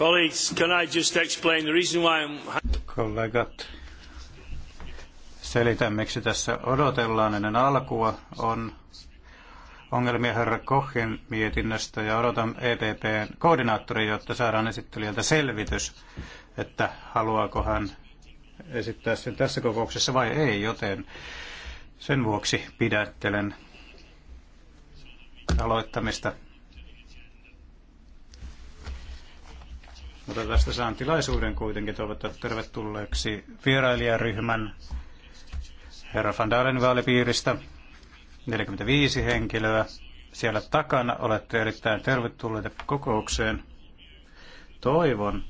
Colleagues, can I just explain the reason why I'm... Kollegat, selitän miksi tässä odotellaan ennen alkua. On ongelmia herra Kohin mietinnöstä ja odotan EPPn koordinaattoria, jotta saadaan esittelijältä selvitys, että haluaako hän esittää sen tässä kokouksessa vai ei, joten sen vuoksi pidättelen aloittamista. Mutta tästä saan tilaisuuden kuitenkin toivottaa tervetulleeksi vierailijaryhmän herra Van Dalen vaalipiiristä, 45 henkilöä. Siellä takana olette erittäin tervetulleita kokoukseen. Toivon,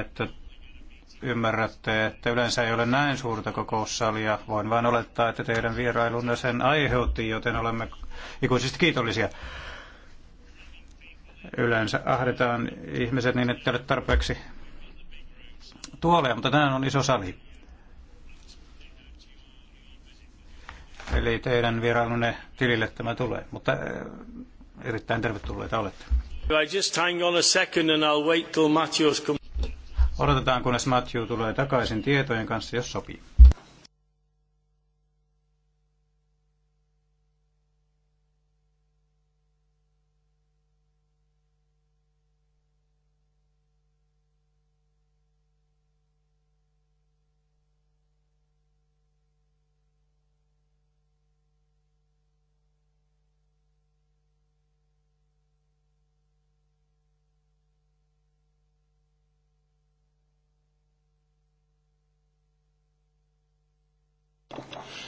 että ymmärrätte, että yleensä ei ole näin suurta kokoussalia. Voin vain olettaa, että teidän vierailunne sen aiheutti, joten olemme ikuisesti kiitollisia. Yleensä ahdetaan ihmiset niin, että ole tarpeeksi tuoleja, mutta tänään on iso sali. Eli teidän vierailunne tilille tämä tulee, mutta eh, erittäin tervetulleita olette. Odotetaan, kunnes Matthew tulee takaisin tietojen kanssa, jos sopii.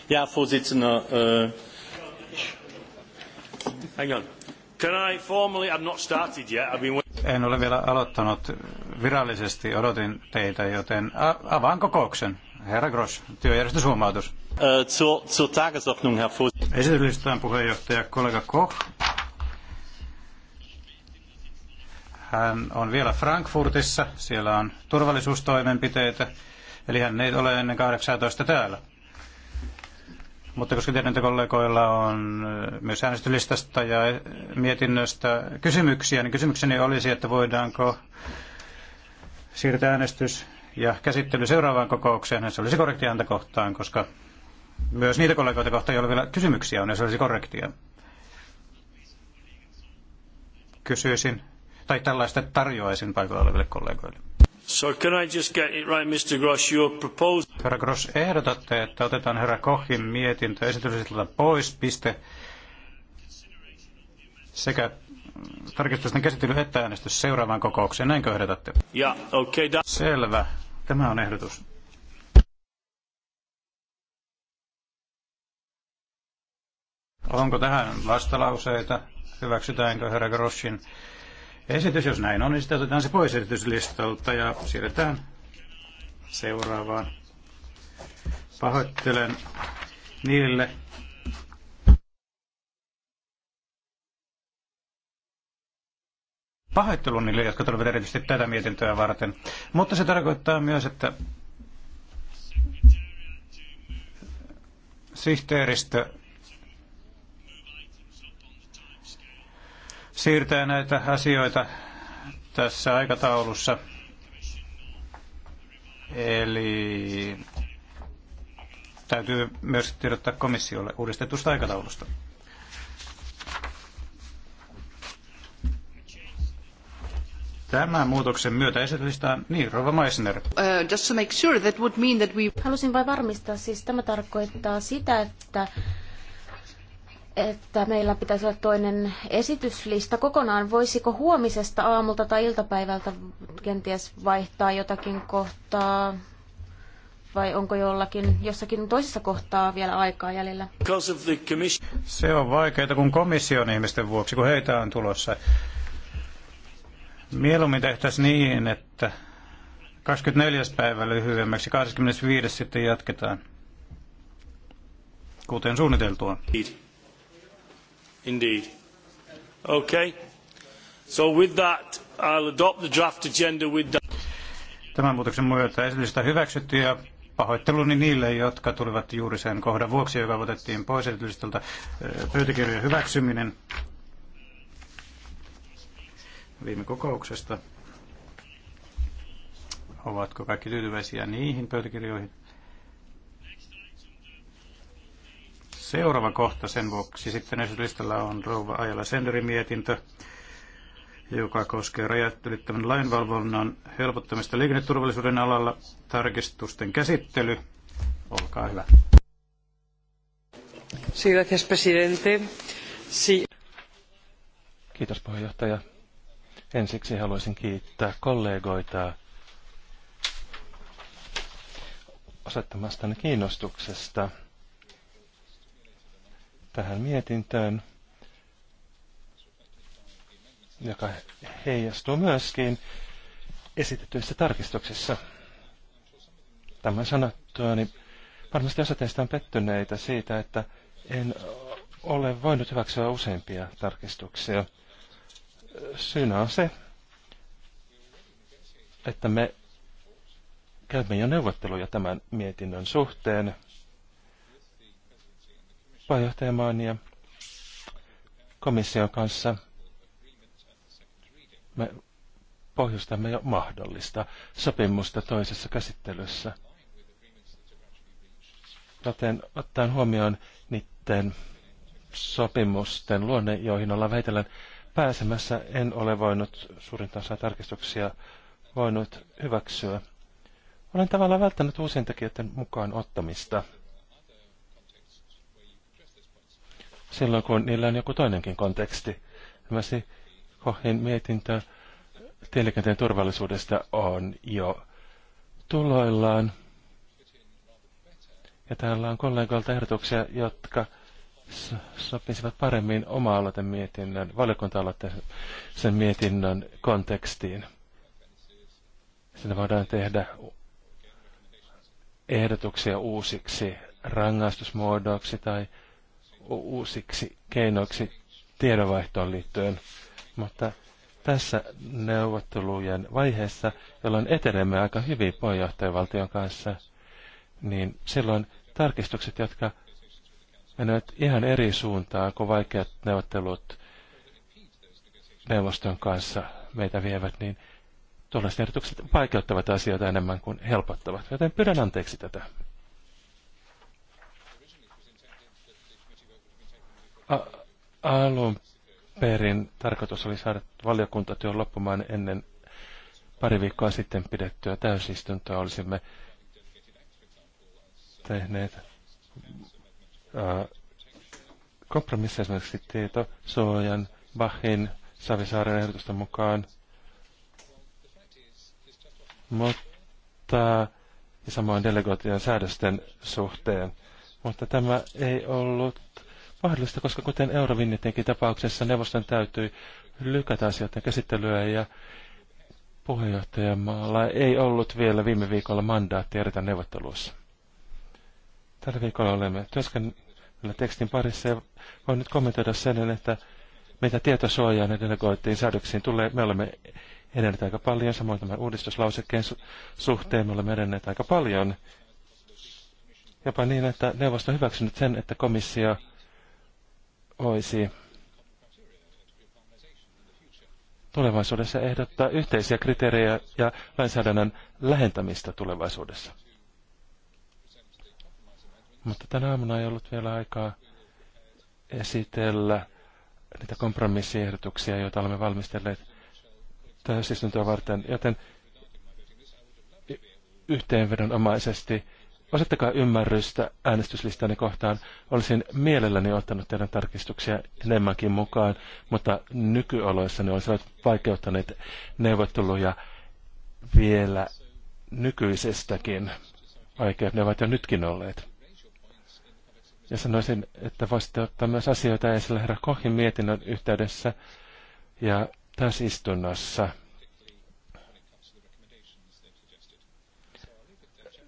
Ja, Vorsitzender. Äh, Hang on. Can I formally, I've not started yet, I've been en ole vielä aloittanut virallisesti, odotin teitä, joten avaan kokouksen. Herra Gross, työjärjestyshuomautus. Äh, zur, zur Esityslistaan puheenjohtaja kollega Koch. Hän on vielä Frankfurtissa, siellä on turvallisuustoimenpiteitä, eli hän ei ole ennen 18 täällä. Mutta koska tiedän, että kollegoilla on äh, myös äänestylistasta ja äh, mietinnöstä kysymyksiä, niin kysymykseni olisi, että voidaanko siirtää äänestys ja käsittely seuraavaan kokoukseen. Se olisi korrektia häntä kohtaan, koska myös niitä kollegoita kohtaan, joilla vielä kysymyksiä on, ja niin se olisi korrektia. Kysyisin, tai tällaista tarjoaisin paikalla oleville kollegoille. So can I just get it right, Mr. Grosh, your proposal... Herra Grosh, ehdotatte, että otetaan herra Kohin mietintö esitykseltä pois, piste, sekä tarkistusten käsittely että äänestys seuraavaan kokoukseen. Näinkö ehdotatte? Yeah, okay, that... Selvä. Tämä on ehdotus. Onko tähän vastalauseita? Hyväksytäänkö herra Groshin esitys. Jos näin on, niin sitten otetaan se pois esityslistalta ja siirretään seuraavaan. Pahoittelen niille, pahoittelun niille, jotka tulevat erityisesti tätä mietintöä varten. Mutta se tarkoittaa myös, että sihteeristö siirtää näitä asioita tässä aikataulussa. Eli täytyy myös tiedottaa komissiolle uudistetusta aikataulusta. Tämän muutoksen myötä esitetään niin, Rova Meissner. Uh, sure, we... Halusin vain varmistaa, siis tämä tarkoittaa sitä, että että meillä pitäisi olla toinen esityslista kokonaan. Voisiko huomisesta aamulta tai iltapäivältä kenties vaihtaa jotakin kohtaa? Vai onko jollakin, jossakin toisessa kohtaa vielä aikaa jäljellä? Se on vaikeaa kun komission ihmisten vuoksi, kun heitä on tulossa. Mieluummin tehtäisiin niin, että 24. päivä lyhyemmäksi, 25. sitten jatketaan, kuten suunniteltua. Kiitos. Indeed. Okay. So with that, I'll adopt the draft agenda with that. Tämän muutoksen myötä esitystä hyväksytty ja pahoitteluni niille, jotka tulivat juuri sen kohdan vuoksi, joka otettiin pois esitystöltä pöytäkirjojen hyväksyminen viime kokouksesta. Ovatko kaikki tyytyväisiä niihin pöytäkirjoihin? Seuraava kohta sen vuoksi sitten esityslistalla on Rouva Ajala Senderin mietintö, joka koskee rajat ylittävän lainvalvonnan helpottamista liikenneturvallisuuden alalla tarkistusten käsittely. Olkaa hyvä. Sí, gracias, presidente. Sí. Kiitos puheenjohtaja. Ensiksi haluaisin kiittää kollegoita osoittamastani kiinnostuksesta tähän mietintöön, joka heijastuu myöskin esitetyissä tarkistuksissa. Tämän sanottua, niin varmasti osa teistä on pettyneitä siitä, että en ole voinut hyväksyä useimpia tarkistuksia. Syynä on se, että me käymme jo neuvotteluja tämän mietinnön suhteen – puheenjohtajamaan ja komission kanssa me pohjustamme jo mahdollista sopimusta toisessa käsittelyssä. Joten ottaen huomioon niiden sopimusten luonne, joihin ollaan väitellään pääsemässä, en ole voinut suurin osa tarkistuksia voinut hyväksyä. Olen tavallaan välttänyt uusien tekijöiden mukaan ottamista. silloin, kun niillä on joku toinenkin konteksti. Esimerkiksi Kohin mietintö tieliikenteen turvallisuudesta on jo tuloillaan. Ja täällä on kollegoilta ehdotuksia, jotka so sopisivat paremmin oma-aloitemietinnön, valiokunta sen mietinnön kontekstiin. Siinä voidaan tehdä ehdotuksia uusiksi rangaistusmuodoksi tai uusiksi keinoiksi tiedonvaihtoon liittyen. Mutta tässä neuvottelujen vaiheessa, jolloin etenemme aika hyvin puheenjohtajavaltion kanssa, niin silloin tarkistukset, jotka menevät ihan eri suuntaan kuin vaikeat neuvottelut neuvoston kanssa meitä vievät, niin tuollaiset ehdotukset vaikeuttavat asioita enemmän kuin helpottavat. Joten pyydän anteeksi tätä. alun perin tarkoitus oli saada valiokuntatyön loppumaan ennen pari viikkoa sitten pidettyä täysistuntoa. Olisimme tehneet kompromisseja esimerkiksi Tieto Soojan, Bachin, Savisaaren ehdotusta mukaan. Mutta, ja samoin delegoitujen säädösten suhteen. Mutta tämä ei ollut mahdollista, koska kuten Eurovinjetinkin tapauksessa neuvoston täytyi lykätä asioiden käsittelyä ja puheenjohtajamaalla ei ollut vielä viime viikolla mandaatti edetä neuvotteluissa. Tällä viikolla olemme työskennellä tekstin parissa ja voin nyt kommentoida sen, että mitä tietosuojaan ja delegoittiin säädöksiin tulee, me olemme edenneet aika paljon, samoin tämän uudistuslausekkeen su- suhteen me olemme edenneet aika paljon. Jopa niin, että neuvosto on hyväksynyt sen, että komissio voisi tulevaisuudessa ehdottaa yhteisiä kriteerejä ja lainsäädännön lähentämistä tulevaisuudessa. Mutta tänä aamuna ei ollut vielä aikaa esitellä niitä kompromissiehdotuksia, joita olemme valmistelleet täysistuntoa varten, joten yhteenvedonomaisesti Osoittakaa ymmärrystä äänestyslistani kohtaan. Olisin mielelläni ottanut teidän tarkistuksia enemmänkin mukaan, mutta nykyoloissa ne olisivat vaikeuttaneet neuvotteluja vielä nykyisestäkin. Vaikeat ne ovat jo nytkin olleet. Ja sanoisin, että voisitte ottaa myös asioita esille herra Kohin mietinnön yhteydessä ja täysistunnossa. istunnossa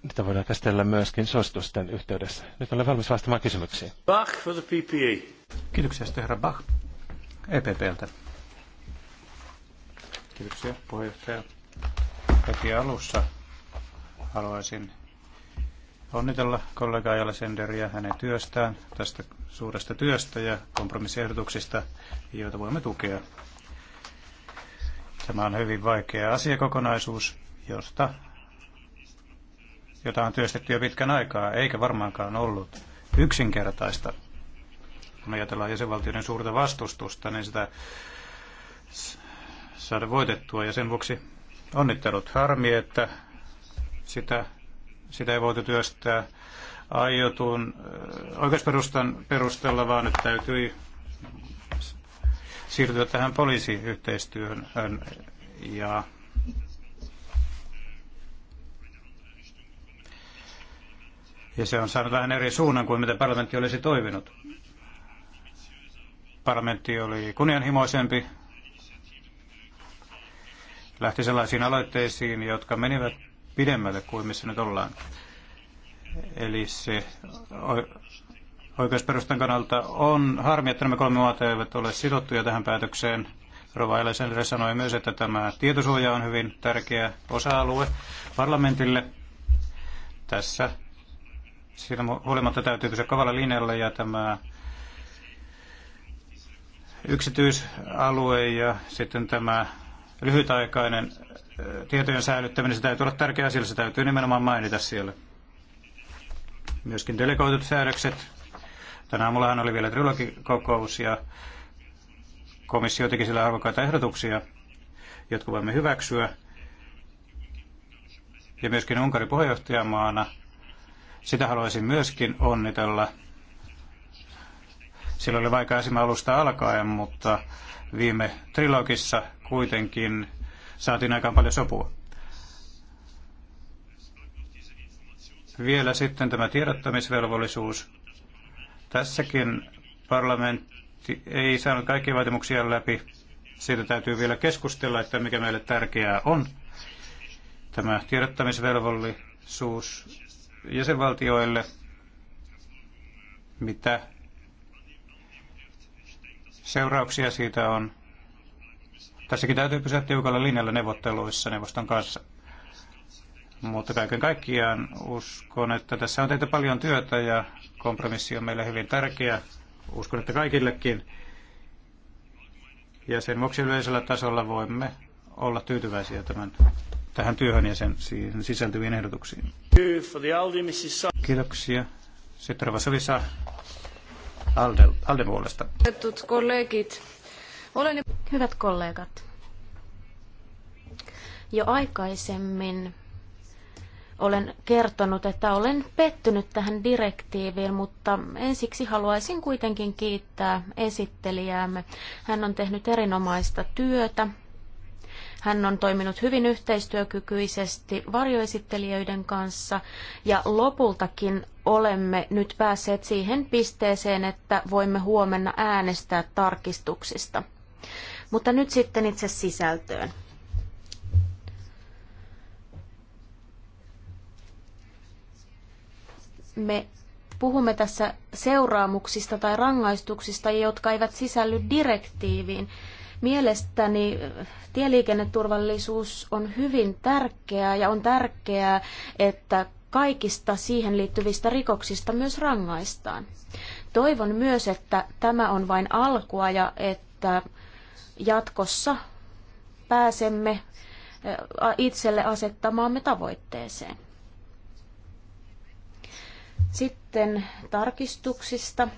Niitä voidaan käsitellä myöskin suositusten yhteydessä. Nyt olen valmis vastaamaan kysymyksiin. Bach for the PPE. Kiitoksia, sitten herra Bach EPPltä. Kiitoksia, puheenjohtaja. Heti alussa haluaisin onnitella kollega Ajala Senderiä hänen työstään, tästä suuresta työstä ja kompromissiehdotuksista, joita voimme tukea. Tämä on hyvin vaikea asiakokonaisuus, josta jota on työstetty jo pitkän aikaa, eikä varmaankaan ollut yksinkertaista. Kun ajatellaan jäsenvaltioiden suurta vastustusta, niin sitä saada voitettua ja sen vuoksi onnittelut. Harmi, että sitä, sitä ei voitu työstää aiotun oikeusperustan perusteella, vaan nyt täytyi siirtyä tähän poliisiyhteistyöhön ja Ja se on saanut vähän eri suunnan kuin mitä parlamentti olisi toivinut. Parlamentti oli kunnianhimoisempi, lähti sellaisiin aloitteisiin, jotka menivät pidemmälle kuin missä nyt ollaan. Eli se oikeusperustan kannalta on harmi, että nämä kolme maata eivät ole sidottuja tähän päätökseen. Rova Eläsenre sanoi myös, että tämä tietosuoja on hyvin tärkeä osa-alue parlamentille. Tässä siitä huolimatta täytyy pysyä kovalla linjalla ja tämä yksityisalue ja sitten tämä lyhytaikainen tietojen säilyttäminen, se täytyy olla tärkeä asia, se täytyy nimenomaan mainita siellä. Myöskin delegoitut säädökset. Tänä aamullahan oli vielä trilogikokous ja komissio teki sillä arvokkaita ehdotuksia, jotka voimme hyväksyä. Ja myöskin Unkarin puheenjohtajamaana – sitä haluaisin myöskin onnitella. Sillä oli vaikka asema alusta alkaen, mutta viime trilogissa kuitenkin saatiin aikaan paljon sopua. Vielä sitten tämä tiedottamisvelvollisuus. Tässäkin parlamentti ei saanut kaikkia vaatimuksia läpi. Siitä täytyy vielä keskustella, että mikä meille tärkeää on. Tämä tiedottamisvelvollisuus jäsenvaltioille, mitä seurauksia siitä on. Tässäkin täytyy pysyä tiukalla linjalla neuvotteluissa neuvoston kanssa. Mutta kaiken kaikkiaan uskon, että tässä on tehty paljon työtä ja kompromissi on meille hyvin tärkeä. Uskon, että kaikillekin. Ja sen vuoksi yleisellä tasolla voimme olla tyytyväisiä tämän tähän työhön ja sen siihen sisältyviin ehdotuksiin. Kiitoksia. Sitten Ravasovisa Alde, Alde puolesta. kollegit, olen... Hyvät kollegat, jo aikaisemmin olen kertonut, että olen pettynyt tähän direktiiviin, mutta ensiksi haluaisin kuitenkin kiittää esittelijäämme. Hän on tehnyt erinomaista työtä hän on toiminut hyvin yhteistyökykyisesti varjoesittelijöiden kanssa ja lopultakin olemme nyt päässeet siihen pisteeseen, että voimme huomenna äänestää tarkistuksista. Mutta nyt sitten itse sisältöön. Me puhumme tässä seuraamuksista tai rangaistuksista, jotka eivät sisälly direktiiviin. Mielestäni tieliikenneturvallisuus on hyvin tärkeää ja on tärkeää, että kaikista siihen liittyvistä rikoksista myös rangaistaan. Toivon myös, että tämä on vain alkua ja että jatkossa pääsemme itselle asettamaamme tavoitteeseen. Sitten tarkistuksista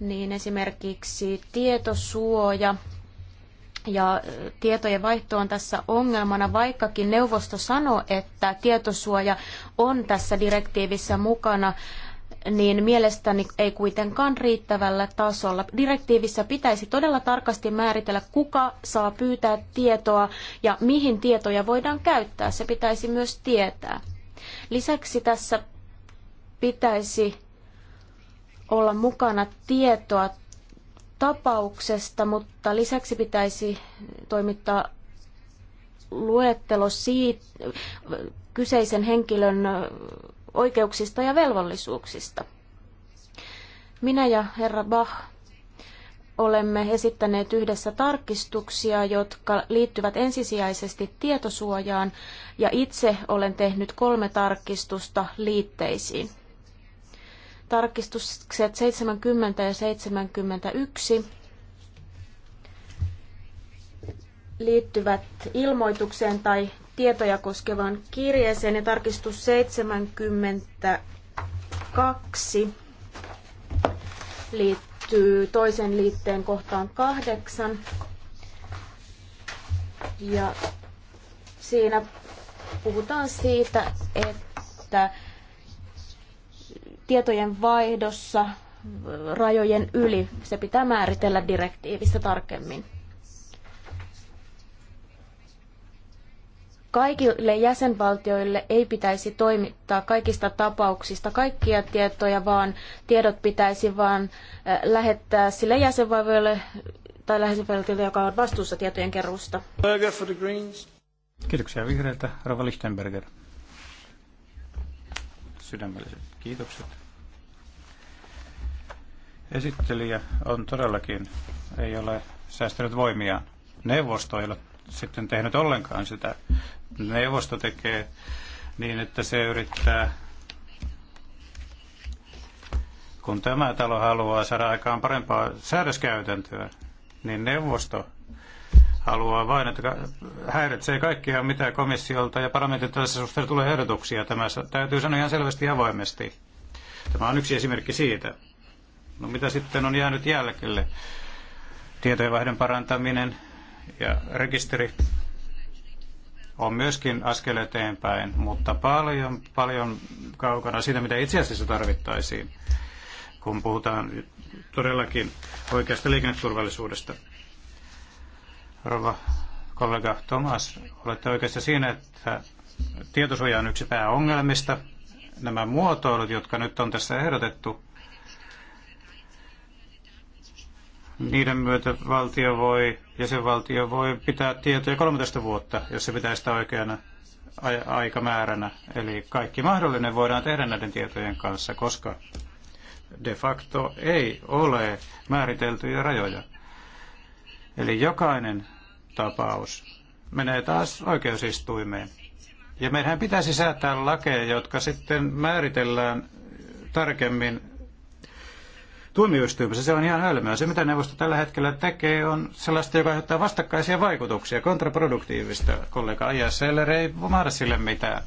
niin esimerkiksi tietosuoja ja tietojen vaihto on tässä ongelmana, vaikkakin neuvosto sanoi, että tietosuoja on tässä direktiivissä mukana, niin mielestäni ei kuitenkaan riittävällä tasolla. Direktiivissä pitäisi todella tarkasti määritellä, kuka saa pyytää tietoa ja mihin tietoja voidaan käyttää. Se pitäisi myös tietää. Lisäksi tässä pitäisi olla mukana tietoa tapauksesta, mutta lisäksi pitäisi toimittaa luettelo siitä, kyseisen henkilön oikeuksista ja velvollisuuksista. Minä ja herra Bach olemme esittäneet yhdessä tarkistuksia, jotka liittyvät ensisijaisesti tietosuojaan, ja itse olen tehnyt kolme tarkistusta liitteisiin. Tarkistukset 70 ja 71 liittyvät ilmoitukseen tai tietoja koskevaan kirjeeseen ja tarkistus 72 liittyy toisen liitteen kohtaan kahdeksan. Ja siinä puhutaan siitä, että tietojen vaihdossa rajojen yli. Se pitää määritellä direktiivissä tarkemmin. Kaikille jäsenvaltioille ei pitäisi toimittaa kaikista tapauksista kaikkia tietoja, vaan tiedot pitäisi vain lähettää sille jäsenvaltiolle tai jäsenvaltiolle, joka on vastuussa tietojen keruusta. Kiitoksia vihreiltä, Rova Lichtenberger. Sydämelliset kiitokset. Esittelijä on todellakin, ei ole säästänyt voimiaan. Neuvosto ei ole sitten tehnyt ollenkaan sitä. Neuvosto tekee niin, että se yrittää, kun tämä talo haluaa saada aikaan parempaa säädöskäytäntöä, niin neuvosto haluaa vain, että häiritsee kaikkia, mitä komissiolta ja parlamentin tässä suhteessa tulee ehdotuksia. Tämä täytyy sanoa ihan selvästi ja avoimesti. Tämä on yksi esimerkki siitä. No mitä sitten on jäänyt jälkelle? Tietojenvaihdon parantaminen ja rekisteri on myöskin askel eteenpäin, mutta paljon, paljon kaukana siitä, mitä itse asiassa tarvittaisiin, kun puhutaan todellakin oikeasta liikenneturvallisuudesta. Rova kollega Thomas, olette oikeassa siinä, että tietosuoja on yksi pääongelmista. Nämä muotoilut, jotka nyt on tässä ehdotettu, Niiden myötä valtio voi, jäsenvaltio voi pitää tietoja 13 vuotta, jos se pitää sitä oikeana aikamääränä. Eli kaikki mahdollinen voidaan tehdä näiden tietojen kanssa, koska de facto ei ole määriteltyjä rajoja. Eli jokainen tapaus menee taas oikeusistuimeen. Ja meidän pitäisi säätää lakeja, jotka sitten määritellään tarkemmin tuomioistuimessa. Se on ihan hölmöä. Se, mitä neuvosto tällä hetkellä tekee, on sellaista, joka aiheuttaa vastakkaisia vaikutuksia, kontraproduktiivista. Kollega Aija Seller ei mahda sille mitään.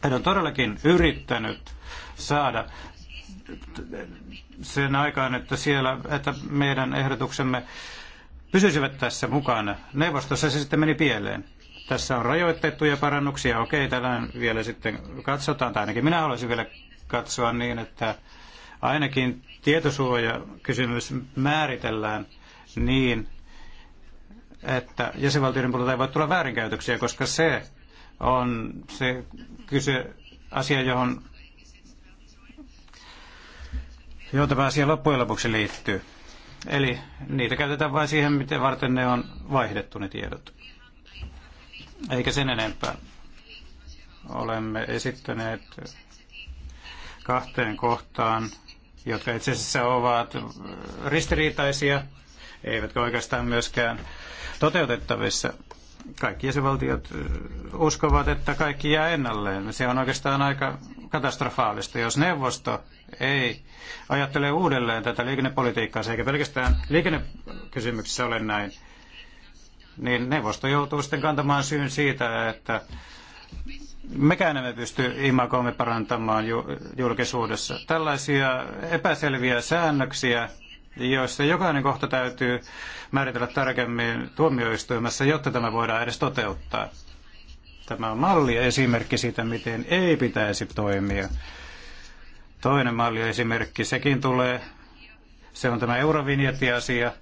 Hän on todellakin yrittänyt saada sen aikaan, että, siellä, että meidän ehdotuksemme pysyisivät tässä mukana. Neuvostossa se sitten meni pieleen. Tässä on rajoitettuja parannuksia. Okei, tällainen vielä sitten katsotaan, tai ainakin minä haluaisin vielä katsoa niin, että Ainakin tietosuojakysymys määritellään niin, että jäsenvaltioiden puolelta ei voi tulla väärinkäytöksiä, koska se on se kyse asia, johon Joo, tämä asia loppujen lopuksi liittyy. Eli niitä käytetään vain siihen, miten varten ne on vaihdettu ne tiedot. Eikä sen enempää. Olemme esittäneet kahteen kohtaan jotka itse asiassa ovat ristiriitaisia, eivätkä oikeastaan myöskään toteutettavissa. Kaikki jäsenvaltiot uskovat, että kaikki jää ennalleen. Se on oikeastaan aika katastrofaalista, jos neuvosto ei ajattele uudelleen tätä liikennepolitiikkaa, se eikä pelkästään liikennekysymyksissä ole näin, niin neuvosto joutuu sitten kantamaan syyn siitä, että mekään emme pysty imagoamme parantamaan julkisuudessa. Tällaisia epäselviä säännöksiä, joissa jokainen kohta täytyy määritellä tarkemmin tuomioistuimessa, jotta tämä voidaan edes toteuttaa. Tämä on malli esimerkki siitä, miten ei pitäisi toimia. Toinen malli esimerkki, sekin tulee, se on tämä eurovinjettiasia,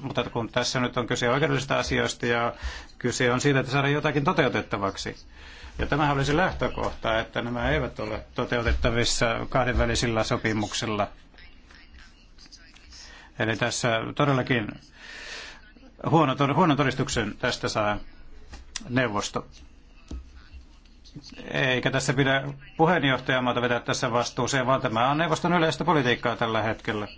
mutta kun tässä nyt on kyse oikeudellisista asioista ja kyse on siitä, että saadaan jotakin toteutettavaksi, ja oli se lähtökohta, että nämä eivät ole toteutettavissa kahdenvälisillä sopimuksilla. Eli tässä todellakin huono, huono todistuksen tästä saa neuvosto. Eikä tässä pidä puheenjohtajamaata vetää tässä vastuuseen, vaan tämä on neuvoston yleistä politiikkaa tällä hetkellä.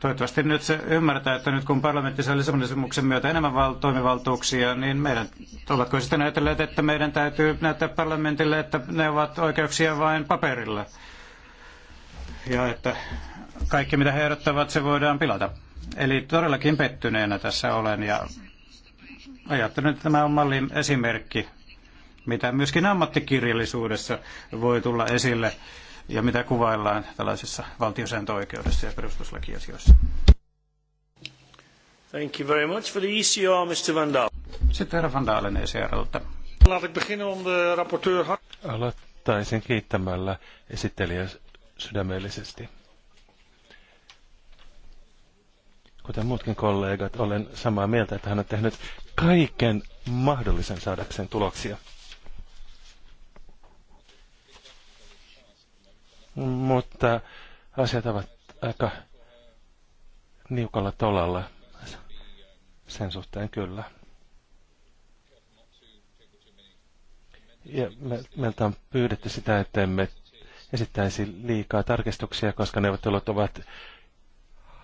Toivottavasti nyt se ymmärtää, että nyt kun parlamentti saa Lissabonin myötä enemmän val- toimivaltuuksia, niin meidän, ovatko sitten ajatelleet, että meidän täytyy näyttää parlamentille, että ne ovat oikeuksia vain paperilla. Ja että kaikki mitä he ehdottavat, se voidaan pilata. Eli todellakin pettyneenä tässä olen ja ajattelen, että tämä on mallin esimerkki, mitä myöskin ammattikirjallisuudessa voi tulla esille ja mitä kuvaillaan tällaisessa valtiosääntöoikeudessa ja perustuslakiasioissa. Thank you very much for the ECR, Mr. Van Dalen. Sitten herra Van Dalen ECRltä. Laat ik beginnen om de rapporteur... Aloittaisin kiittämällä esittelijä sydämellisesti. Kuten muutkin kollegat, olen samaa mieltä, että hän on tehnyt kaiken mahdollisen saadakseen tuloksia. mutta asiat ovat aika niukalla tolalla sen suhteen kyllä. Ja me, meiltä on pyydetty sitä, että emme esittäisi liikaa tarkistuksia, koska neuvottelut ovat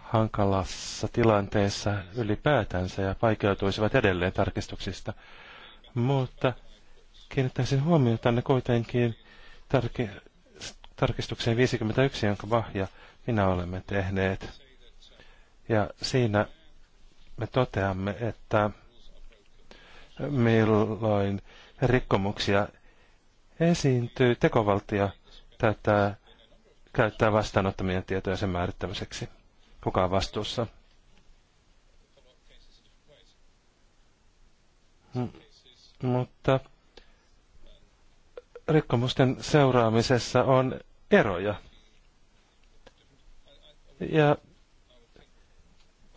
hankalassa tilanteessa ylipäätänsä ja vaikeutuisivat edelleen tarkistuksista. Mutta kiinnittäisin huomiota ne kuitenkin tarki- tarkistukseen 51, jonka vahja, minä olemme tehneet. Ja siinä me toteamme, että milloin rikkomuksia esiintyy, tekovaltia tätä käyttää vastaanottamien tietoja sen määrittämiseksi. Kuka on vastuussa? Hmm. Mutta rikkomusten seuraamisessa on eroja. Ja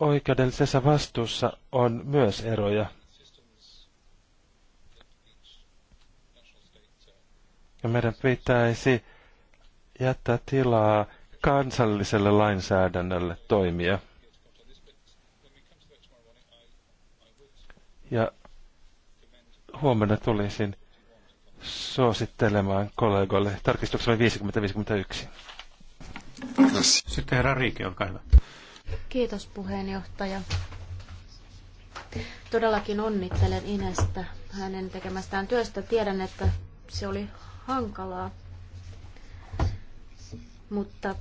oikeudellisessa vastuussa on myös eroja. Ja meidän pitäisi jättää tilaa kansalliselle lainsäädännölle toimia. Ja huomenna tulisin suosittelemaan kollegoille. Tarkistuksella 50-51. Sitten herra Riike, olkaa hyvä. Kiitos puheenjohtaja. Todellakin onnittelen Inestä hänen tekemästään työstä. Tiedän, että se oli hankalaa, mutta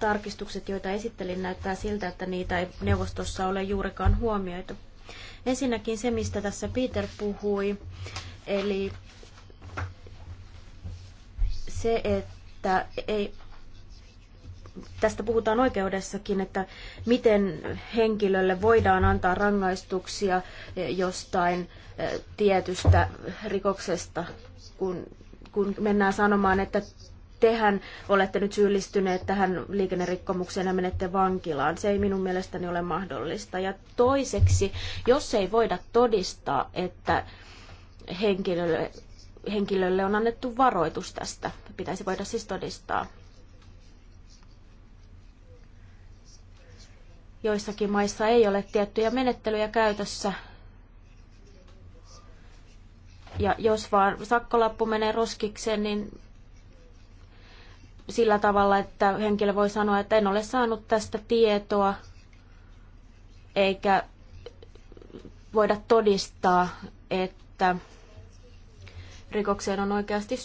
tarkistukset, joita esittelin, näyttää siltä, että niitä ei neuvostossa ole juurikaan huomioitu. Ensinnäkin se, mistä tässä Peter puhui, eli se, että ei, tästä puhutaan oikeudessakin, että miten henkilölle voidaan antaa rangaistuksia eh, jostain eh, tietystä rikoksesta, kun, kun mennään sanomaan, että tehän olette nyt syyllistyneet tähän liikennerikkomukseen ja menette vankilaan. Se ei minun mielestäni ole mahdollista. Ja toiseksi, jos ei voida todistaa, että henkilölle henkilölle on annettu varoitus tästä. Pitäisi voida siis todistaa. Joissakin maissa ei ole tiettyjä menettelyjä käytössä. Ja jos vaan sakkolappu menee roskikseen, niin sillä tavalla, että henkilö voi sanoa, että en ole saanut tästä tietoa, eikä voida todistaa, että rikokseen on oikeasti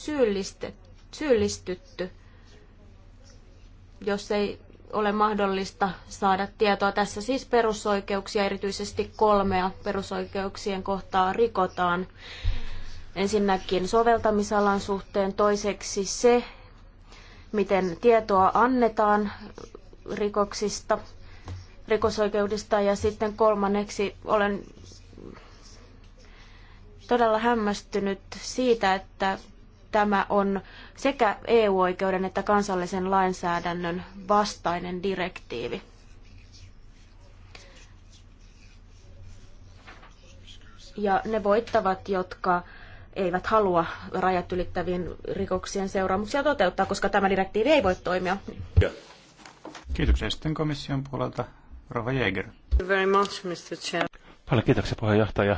syyllistytty, jos ei ole mahdollista saada tietoa. Tässä siis perusoikeuksia, erityisesti kolmea perusoikeuksien kohtaa rikotaan. Ensinnäkin soveltamisalan suhteen, toiseksi se, miten tietoa annetaan rikoksista, rikosoikeudesta ja sitten kolmanneksi olen todella hämmästynyt siitä, että tämä on sekä EU-oikeuden että kansallisen lainsäädännön vastainen direktiivi. Ja ne voittavat, jotka eivät halua rajat ylittävien rikoksien seuraamuksia toteuttaa, koska tämä direktiivi ei voi toimia. Kiitoksia sitten komission puolelta, Rova Jäger. Paljon kiitoksia puheenjohtaja.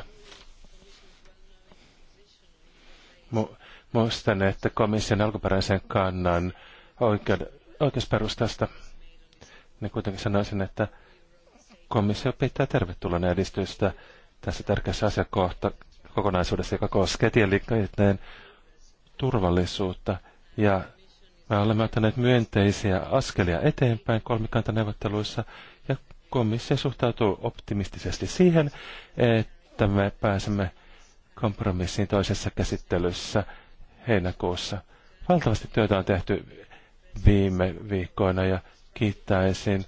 muistan, että komission alkuperäisen kannan oikeud- oikeusperustasta, niin kuitenkin sanoisin, että komissio pitää tervetulleena edistystä tässä tärkeässä asiakohta kokonaisuudessa, joka koskee tieliikenteen turvallisuutta. Ja me olemme ottaneet myönteisiä askelia eteenpäin kolmikantaneuvotteluissa ja komissio suhtautuu optimistisesti siihen, että me pääsemme kompromissiin toisessa käsittelyssä heinäkuussa. Valtavasti työtä on tehty viime viikkoina ja kiittäisin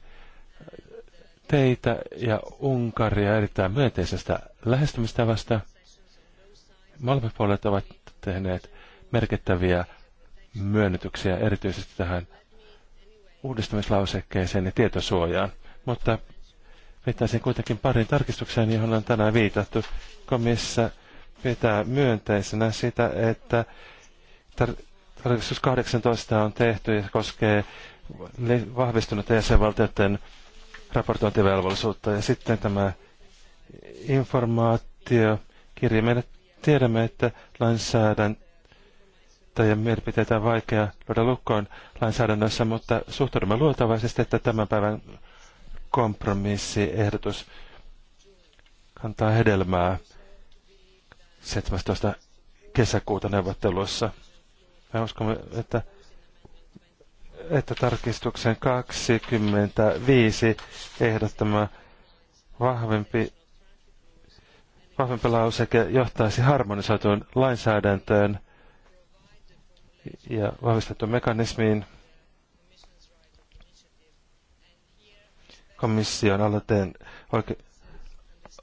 teitä ja Unkaria erittäin myönteisestä lähestymistavasta. Molemmat puolet ovat tehneet merkittäviä myönnytyksiä erityisesti tähän uudistamislausekkeeseen ja tietosuojaan. Mutta viittaisin kuitenkin parin tarkistukseen, johon on tänään viitattu komissa pitää myönteisenä sitä, että tarkistus 18 on tehty ja koskee vahvistunutta jäsenvaltioiden raportointivelvollisuutta. Ja sitten tämä informaatiokirja. Me tiedämme, että lainsäädäntäjien mielipiteitä on vaikea luoda lukkoon lainsäädännössä, mutta suhtaudumme luultavaisesti, että tämän päivän kompromissiehdotus kantaa hedelmää. 17. kesäkuuta neuvotteluissa. Mä uskon, että, että tarkistuksen 25 ehdottama vahvempi, vahvempi lauseke johtaisi harmonisoituun lainsäädäntöön ja vahvistettuun mekanismiin komission aloitteen oike-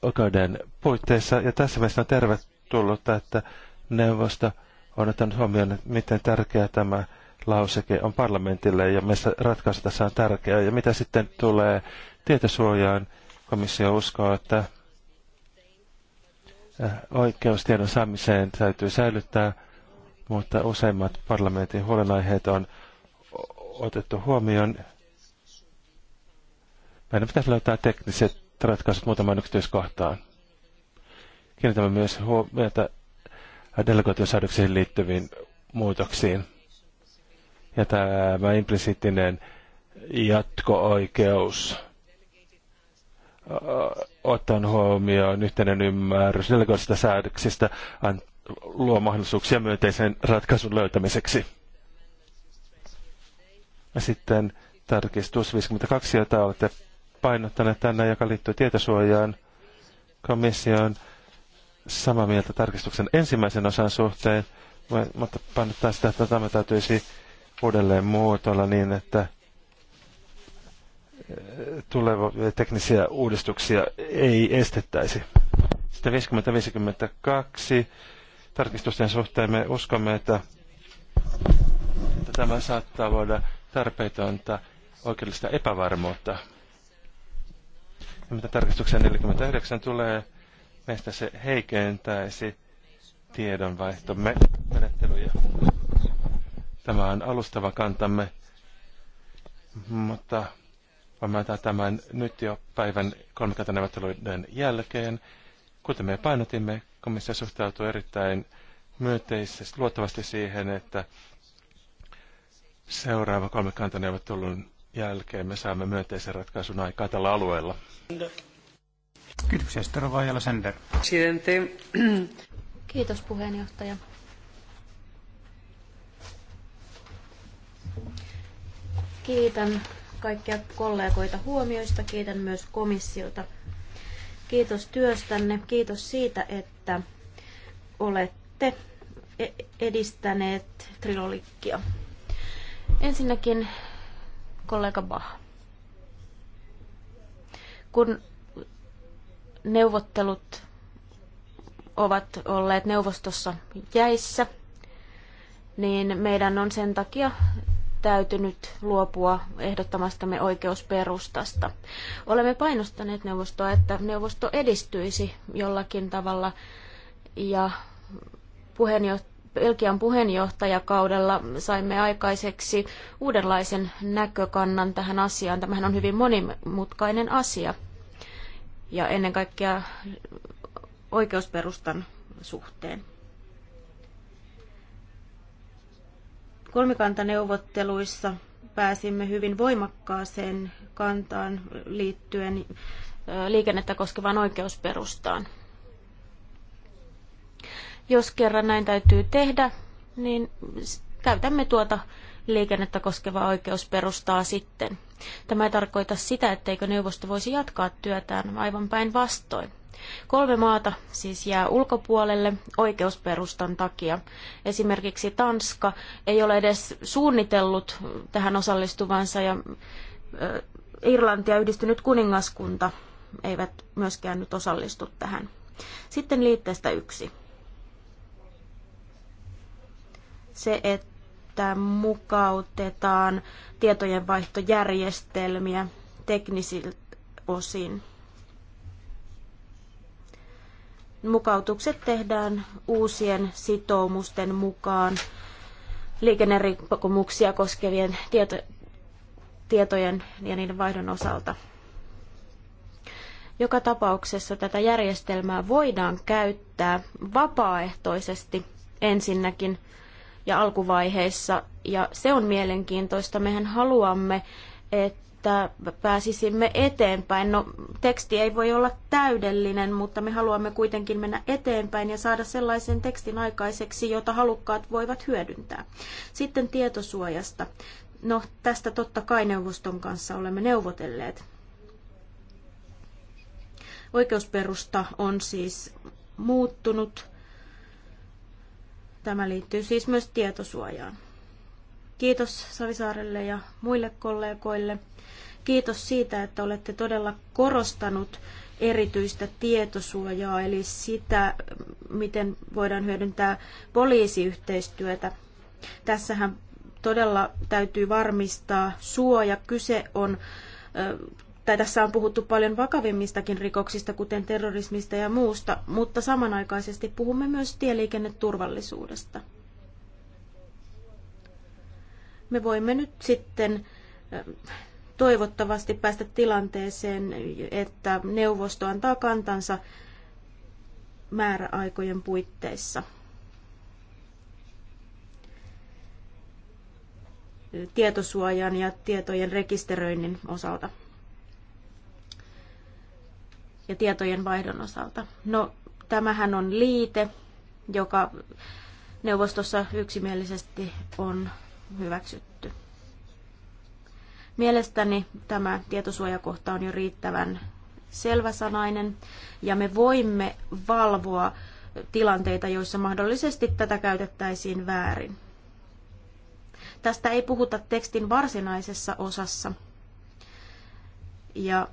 oikeuden puitteissa. Ja tässä mielessä on tervetullut tullut, että neuvosto on ottanut huomioon, miten tärkeä tämä lauseke on parlamentille ja meistä ratkaisu tässä on tärkeää. Ja mitä sitten tulee tietosuojaan, komissio uskoo, että äh, oikeus tiedon saamiseen täytyy säilyttää, mutta useimmat parlamentin huolenaiheet on otettu huomioon. Meidän pitäisi löytää tekniset ratkaisut muutaman yksityiskohtaan. Kiinnitämme myös huomiota delegoitunsäädöksiin liittyviin muutoksiin. Ja tämä implisiittinen jatko-oikeus ottaen huomioon yhteinen ymmärrys delegoidusta säädöksistä luo mahdollisuuksia myönteisen ratkaisun löytämiseksi. Ja sitten tarkistus 52, jota olette painottaneet tänne, joka liittyy tietosuojaan, komission samaa mieltä tarkistuksen ensimmäisen osan suhteen, mutta painottaa sitä, että tämä täytyisi uudelleen muotoilla niin, että eh, tulevia teknisiä uudistuksia ei estettäisi. Sitten 5052 tarkistusten suhteen me uskomme, että, että tämä saattaa voida tarpeetonta oikeudellista epävarmuutta. Ja mitä tarkistukseen 49 tulee, meistä se heikentäisi tiedonvaihtomme menettelyjä. Tämä on alustava kantamme, mutta voimme antaa tämän nyt jo päivän kolmikantaneuvotteluiden jälkeen. Kuten me painotimme, komissio suhtautuu erittäin myönteisesti luottavasti siihen, että seuraava kolmikantaneuvottelun jälkeen me saamme myönteisen ratkaisun aikaa tällä alueella. Kiitoksia, Stero Sender. Kiitos puheenjohtaja. Kiitän kaikkia kollegoita huomioista, kiitän myös komissiota. Kiitos työstänne, kiitos siitä, että olette e- edistäneet trilolikkia. Ensinnäkin kollega Bach. Kun Neuvottelut ovat olleet neuvostossa jäissä, niin meidän on sen takia täytynyt luopua ehdottamastamme oikeusperustasta. Olemme painostaneet neuvostoa, että neuvosto edistyisi jollakin tavalla ja puheenjohtaja Belgian puheenjohtajakaudella saimme aikaiseksi uudenlaisen näkökannan tähän asiaan. Tämähän on hyvin monimutkainen asia ja ennen kaikkea oikeusperustan suhteen. Kolmikantaneuvotteluissa pääsimme hyvin voimakkaaseen kantaan liittyen liikennettä koskevaan oikeusperustaan. Jos kerran näin täytyy tehdä, niin käytämme tuota liikennettä koskeva oikeus perustaa sitten. Tämä ei tarkoita sitä, etteikö neuvosto voisi jatkaa työtään aivan päinvastoin. Kolme maata siis jää ulkopuolelle oikeusperustan takia. Esimerkiksi Tanska ei ole edes suunnitellut tähän osallistuvansa ja Irlanti ja yhdistynyt kuningaskunta eivät myöskään nyt osallistu tähän. Sitten liitteestä yksi. Se, että että mukautetaan tietojenvaihtojärjestelmiä teknisiltä osin. Mukautukset tehdään uusien sitoumusten mukaan liikennerikkomuksia koskevien tieto, tietojen ja niiden vaihdon osalta. Joka tapauksessa tätä järjestelmää voidaan käyttää vapaaehtoisesti ensinnäkin ja alkuvaiheessa. Ja se on mielenkiintoista. Mehän haluamme, että pääsisimme eteenpäin. No, teksti ei voi olla täydellinen, mutta me haluamme kuitenkin mennä eteenpäin ja saada sellaisen tekstin aikaiseksi, jota halukkaat voivat hyödyntää. Sitten tietosuojasta. No, tästä totta kai neuvoston kanssa olemme neuvotelleet. Oikeusperusta on siis muuttunut Tämä liittyy siis myös tietosuojaan. Kiitos Savisaarelle ja muille kollegoille. Kiitos siitä, että olette todella korostanut erityistä tietosuojaa, eli sitä, miten voidaan hyödyntää poliisiyhteistyötä. Tässähän todella täytyy varmistaa suoja. Kyse on tai tässä on puhuttu paljon vakavimmistakin rikoksista, kuten terrorismista ja muusta, mutta samanaikaisesti puhumme myös tieliikenneturvallisuudesta. Me voimme nyt sitten toivottavasti päästä tilanteeseen, että neuvosto antaa kantansa määräaikojen puitteissa. tietosuojan ja tietojen rekisteröinnin osalta ja tietojen vaihdon osalta. No, tämähän on liite, joka neuvostossa yksimielisesti on hyväksytty. Mielestäni tämä tietosuojakohta on jo riittävän selväsanainen ja me voimme valvoa tilanteita, joissa mahdollisesti tätä käytettäisiin väärin. Tästä ei puhuta tekstin varsinaisessa osassa. Ja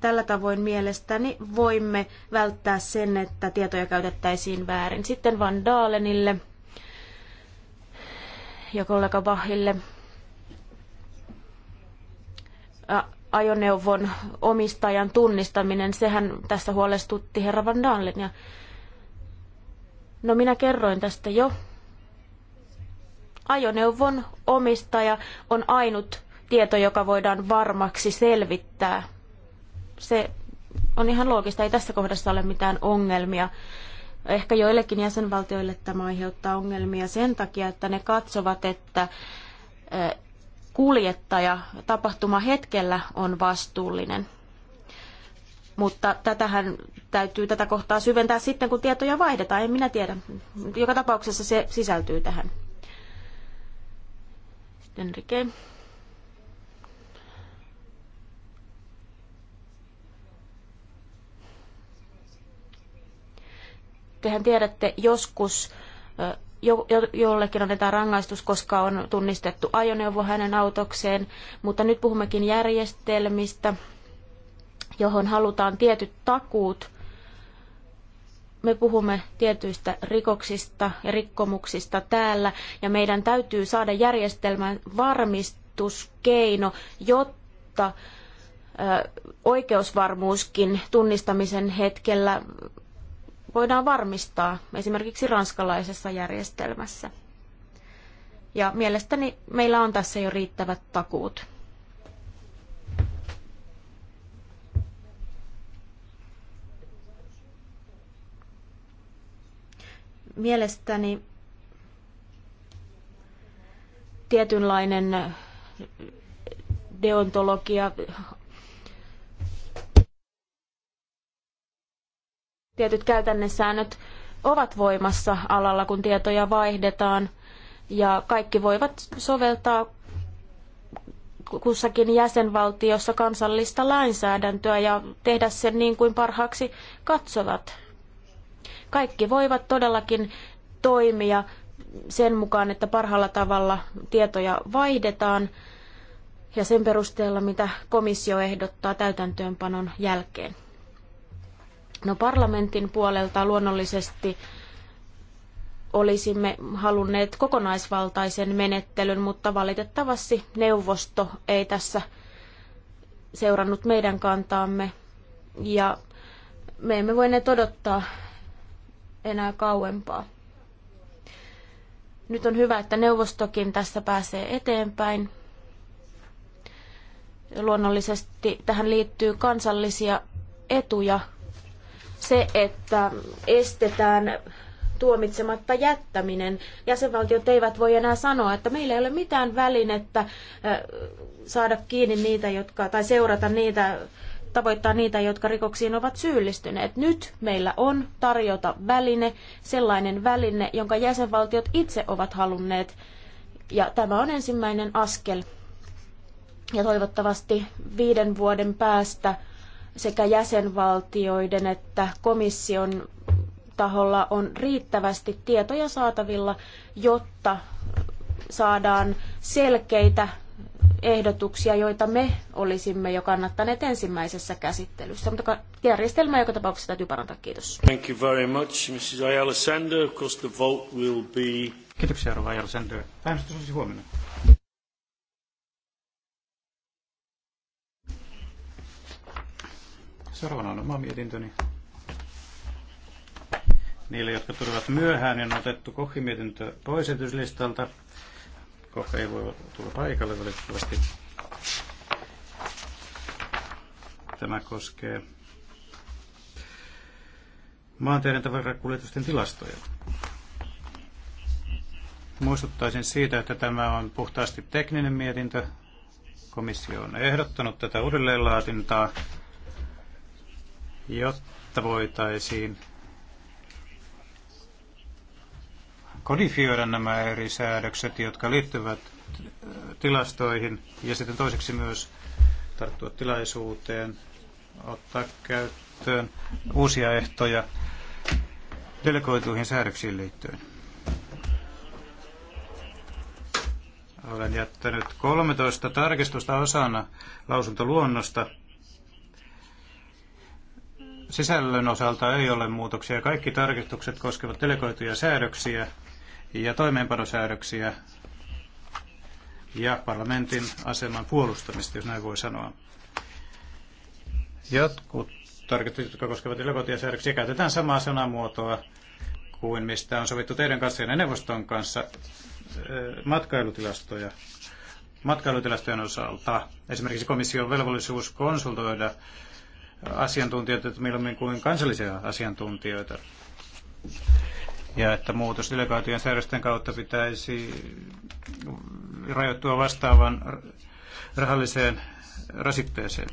tällä tavoin mielestäni voimme välttää sen, että tietoja käytettäisiin väärin. Sitten Van Dalenille ja kollega Bahille ajoneuvon omistajan tunnistaminen, sehän tässä huolestutti herra Van Dalen. Ja no minä kerroin tästä jo. Ajoneuvon omistaja on ainut tieto, joka voidaan varmaksi selvittää se on ihan loogista, ei tässä kohdassa ole mitään ongelmia. Ehkä joillekin jäsenvaltioille tämä aiheuttaa ongelmia sen takia, että ne katsovat, että kuljettaja tapahtuma hetkellä on vastuullinen. Mutta tätähän täytyy tätä kohtaa syventää sitten, kun tietoja vaihdetaan. En minä tiedä. Joka tapauksessa se sisältyy tähän. Sitten Rike. tehän tiedätte, joskus jo, jo, jollekin otetaan rangaistus, koska on tunnistettu ajoneuvo hänen autokseen, mutta nyt puhummekin järjestelmistä, johon halutaan tietyt takuut. Me puhumme tietyistä rikoksista ja rikkomuksista täällä, ja meidän täytyy saada järjestelmän varmistuskeino, jotta oikeusvarmuuskin tunnistamisen hetkellä voidaan varmistaa esimerkiksi ranskalaisessa järjestelmässä. Ja mielestäni meillä on tässä jo riittävät takuut. Mielestäni tietynlainen deontologia tietyt käytännesäännöt ovat voimassa alalla, kun tietoja vaihdetaan ja kaikki voivat soveltaa kussakin jäsenvaltiossa kansallista lainsäädäntöä ja tehdä sen niin kuin parhaaksi katsovat. Kaikki voivat todellakin toimia sen mukaan, että parhaalla tavalla tietoja vaihdetaan ja sen perusteella, mitä komissio ehdottaa täytäntöönpanon jälkeen. No parlamentin puolelta luonnollisesti olisimme halunneet kokonaisvaltaisen menettelyn, mutta valitettavasti neuvosto ei tässä seurannut meidän kantaamme ja me emme voineet odottaa enää kauempaa. Nyt on hyvä, että neuvostokin tässä pääsee eteenpäin. Luonnollisesti tähän liittyy kansallisia etuja se, että estetään tuomitsematta jättäminen. Jäsenvaltiot eivät voi enää sanoa, että meillä ei ole mitään välinettä äh, saada kiinni niitä, jotka, tai seurata niitä, tavoittaa niitä, jotka rikoksiin ovat syyllistyneet. Nyt meillä on tarjota väline, sellainen väline, jonka jäsenvaltiot itse ovat halunneet. Ja tämä on ensimmäinen askel. Ja toivottavasti viiden vuoden päästä sekä jäsenvaltioiden että komission taholla on riittävästi tietoja saatavilla, jotta saadaan selkeitä ehdotuksia, joita me olisimme jo kannattaneet ensimmäisessä käsittelyssä. Mutta järjestelmää joka tapauksessa täytyy parantaa. Kiitos. Thank you very much, Mrs. Ayala-Sander. Of course the vote will be... Kiitoksia, Rova Ayala-Sander. Äänestys olisi huomenna. Seuraavana on oma mietintöni. Niille, jotka tulevat myöhään, niin on otettu kohimietintö pois esityslistalta. Kohta ei voi tulla paikalle valitettavasti. Tämä koskee maanteiden tavarakuljetusten tilastoja. Muistuttaisin siitä, että tämä on puhtaasti tekninen mietintö. Komissio on ehdottanut tätä uudelleenlaatintaa jotta voitaisiin kodifioida nämä eri säädökset, jotka liittyvät äh, tilastoihin ja sitten toiseksi myös tarttua tilaisuuteen, ottaa käyttöön uusia ehtoja delegoituihin säädöksiin liittyen. Olen jättänyt 13 tarkistusta osana lausuntoluonnosta. Sisällön osalta ei ole muutoksia. Kaikki tarkistukset koskevat delegoituja säädöksiä ja toimeenpanosäädöksiä ja parlamentin aseman puolustamista, jos näin voi sanoa. Jotkut tarkistukset, jotka koskevat delegoituja säädöksiä, käytetään samaa sanamuotoa kuin mistä on sovittu teidän kanssa ja neuvoston kanssa eh, matkailutilastoja matkailutilastojen osalta. Esimerkiksi komission velvollisuus konsultoida asiantuntijoita mieluummin kuin kansallisia asiantuntijoita. Ja että muutos delegaation säädösten kautta pitäisi rajoittua vastaavan rahalliseen rasitteeseen.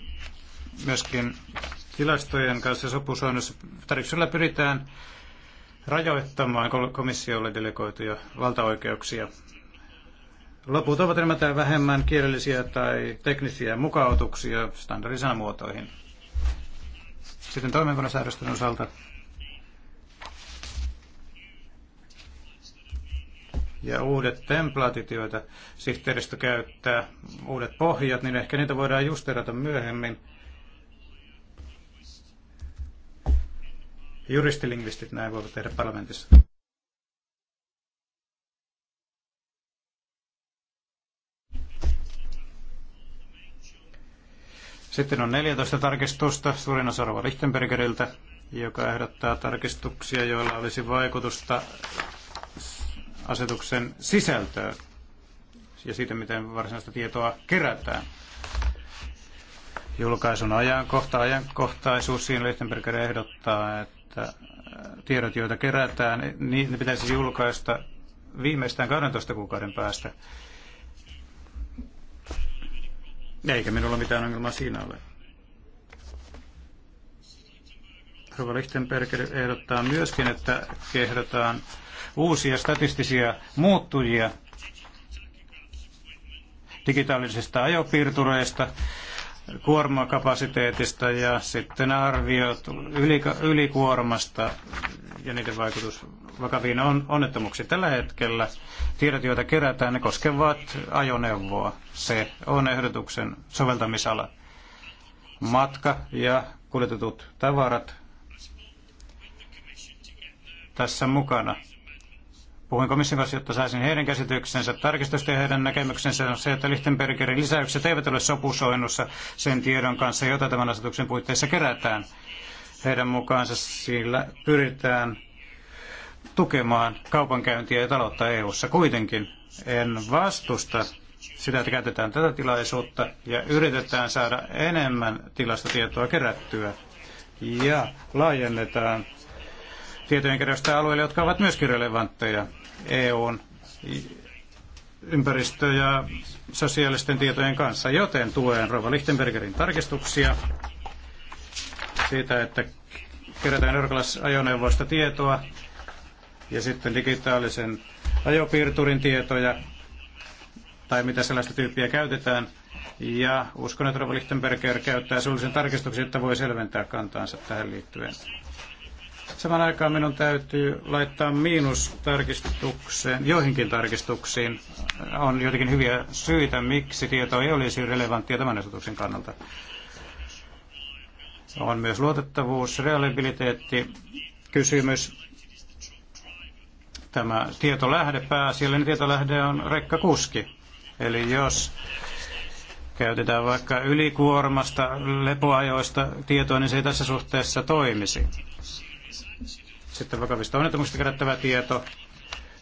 Myöskin tilastojen kanssa sopusoinnussa tarjouksella pyritään rajoittamaan komissiolle delegoituja valtaoikeuksia. Loput ovat enemmän tai vähemmän kielellisiä tai teknisiä mukautuksia standardisanamuotoihin. Sitten toimeenpanosäädösten osalta ja uudet templaatit, joita sihteeristö käyttää, uudet pohjat, niin ehkä niitä voidaan justerata myöhemmin. Juristilingvistit näin voivat tehdä parlamentissa. Sitten on 14 tarkistusta, suurin osa Rova Lichtenbergeriltä, joka ehdottaa tarkistuksia, joilla olisi vaikutusta asetuksen sisältöön ja siitä, miten varsinaista tietoa kerätään. Julkaisun ajankohta, ajankohtaisuus, siinä Lichtenberger ehdottaa, että äh, tiedot, joita kerätään, niin ne pitäisi julkaista viimeistään 12 kuukauden päästä eikä minulla mitään ongelmaa siinä ole. Rova Lichtenberger ehdottaa myöskin, että kehdotaan uusia statistisia muuttujia digitaalisista ajopiirtureista kuormakapasiteetista ja sitten arviot ylikuormasta ja niiden vaikutus vakaviin on, onnettomuuksiin. Tällä hetkellä tiedot, joita kerätään, ne koskevat ajoneuvoa. Se on ehdotuksen soveltamisala. Matka ja kuljetetut tavarat tässä mukana. Puhuin komission kanssa, jotta saisin heidän käsityksensä. Tarkistusta ja heidän näkemyksensä on se, että Lichtenbergerin lisäykset eivät ole sopusoinnussa sen tiedon kanssa, jota tämän asetuksen puitteissa kerätään. Heidän mukaansa sillä pyritään tukemaan kaupankäyntiä ja taloutta EU-ssa. Kuitenkin en vastusta sitä, että käytetään tätä tilaisuutta ja yritetään saada enemmän tilastotietoa kerättyä ja laajennetaan tietojen keräystä alueille, jotka ovat myöskin relevantteja EUn ympäristö- ja sosiaalisten tietojen kanssa, joten tuen Rova Lichtenbergerin tarkistuksia siitä, että kerätään ajoneuvoista tietoa ja sitten digitaalisen ajopiirturin tietoja tai mitä sellaista tyyppiä käytetään. Ja uskon, että Rova Lichtenberger käyttää suullisen tarkistuksen, että voi selventää kantaansa tähän liittyen. Saman aikaan minun täytyy laittaa miinus tarkistukseen. joihinkin tarkistuksiin. On jotenkin hyviä syitä, miksi tieto ei olisi relevanttia tämän esityksen kannalta. On myös luotettavuus, reliabiliteetti, kysymys. Tämä tietolähde, pääasiallinen tietolähde on rekkakuski. Eli jos käytetään vaikka ylikuormasta, lepoajoista tietoa, niin se ei tässä suhteessa toimisi sitten vakavista onnettomuuksista kerättävä tieto.